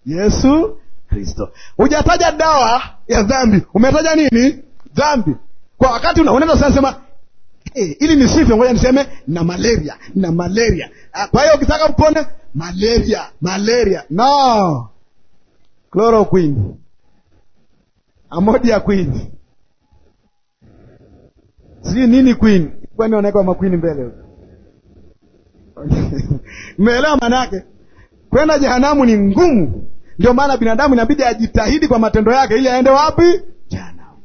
Yesu Kristo? Hujataja dawa ya dhambi, umetaja nini? Dhambi. Kwa wakati unaweza sasema eh, ili nisife, ngoja niseme na malaria na malaria. Ah, kwa hiyo ukitaka upone malaria, malaria no, chloroquine, amodia queen, sijui nini queen, kwani wanaweka makwini mbele huko Mmeelewa maana yake? Kwenda jehanamu ni ngumu, ndio maana binadamu inabidi ajitahidi kwa matendo yake ili aende wapi? Jehanamu.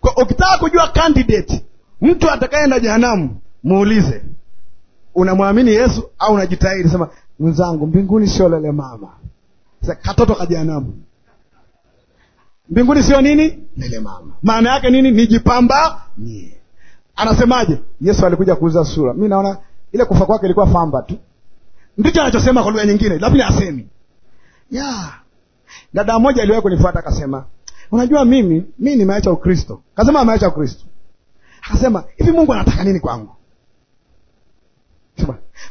Kwa ukitaka kujua candidate mtu atakayeenda jehanamu, muulize unamwamini Yesu au unajitahidi? Sema mwenzangu, mbinguni sio lele mama. Sasa katoto ka jehanamu, mbinguni sio nini lele mama. Maana yake nini? Nijipamba nie Anasemaje? Yesu alikuja kuuza sura. Mi naona ile kufa kwake ilikuwa famba tu, ndicho anachosema kwa lugha nyingine, lakini asemi ya. Dada moja aliwahi kunifuata akasema, unajua mimi mi nimeacha Ukristo. Kasema ameacha Ukristo, akasema hivi, Mungu anataka nini kwangu?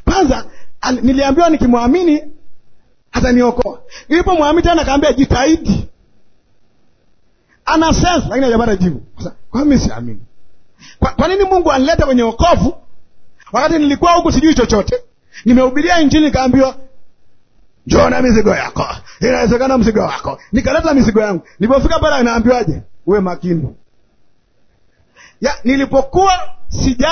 Kwanza niliambiwa nikimwamini ataniokoa. ilipo mwamini tena akaambia jitahidi, ana sense lakini hajapata jibu. Kwa mimi siamini kwa, kwa nini Mungu anileta kwenye okovu wakati nilikuwa huku sijui chochote? Nimehubiria Injili nikaambiwa njoo na mizigo yako, inawezekana mzigo wako. Nikaleta mizigo yangu, nilipofika pale anaambiwaje? Uwe makini ya nilipokuwa sijaji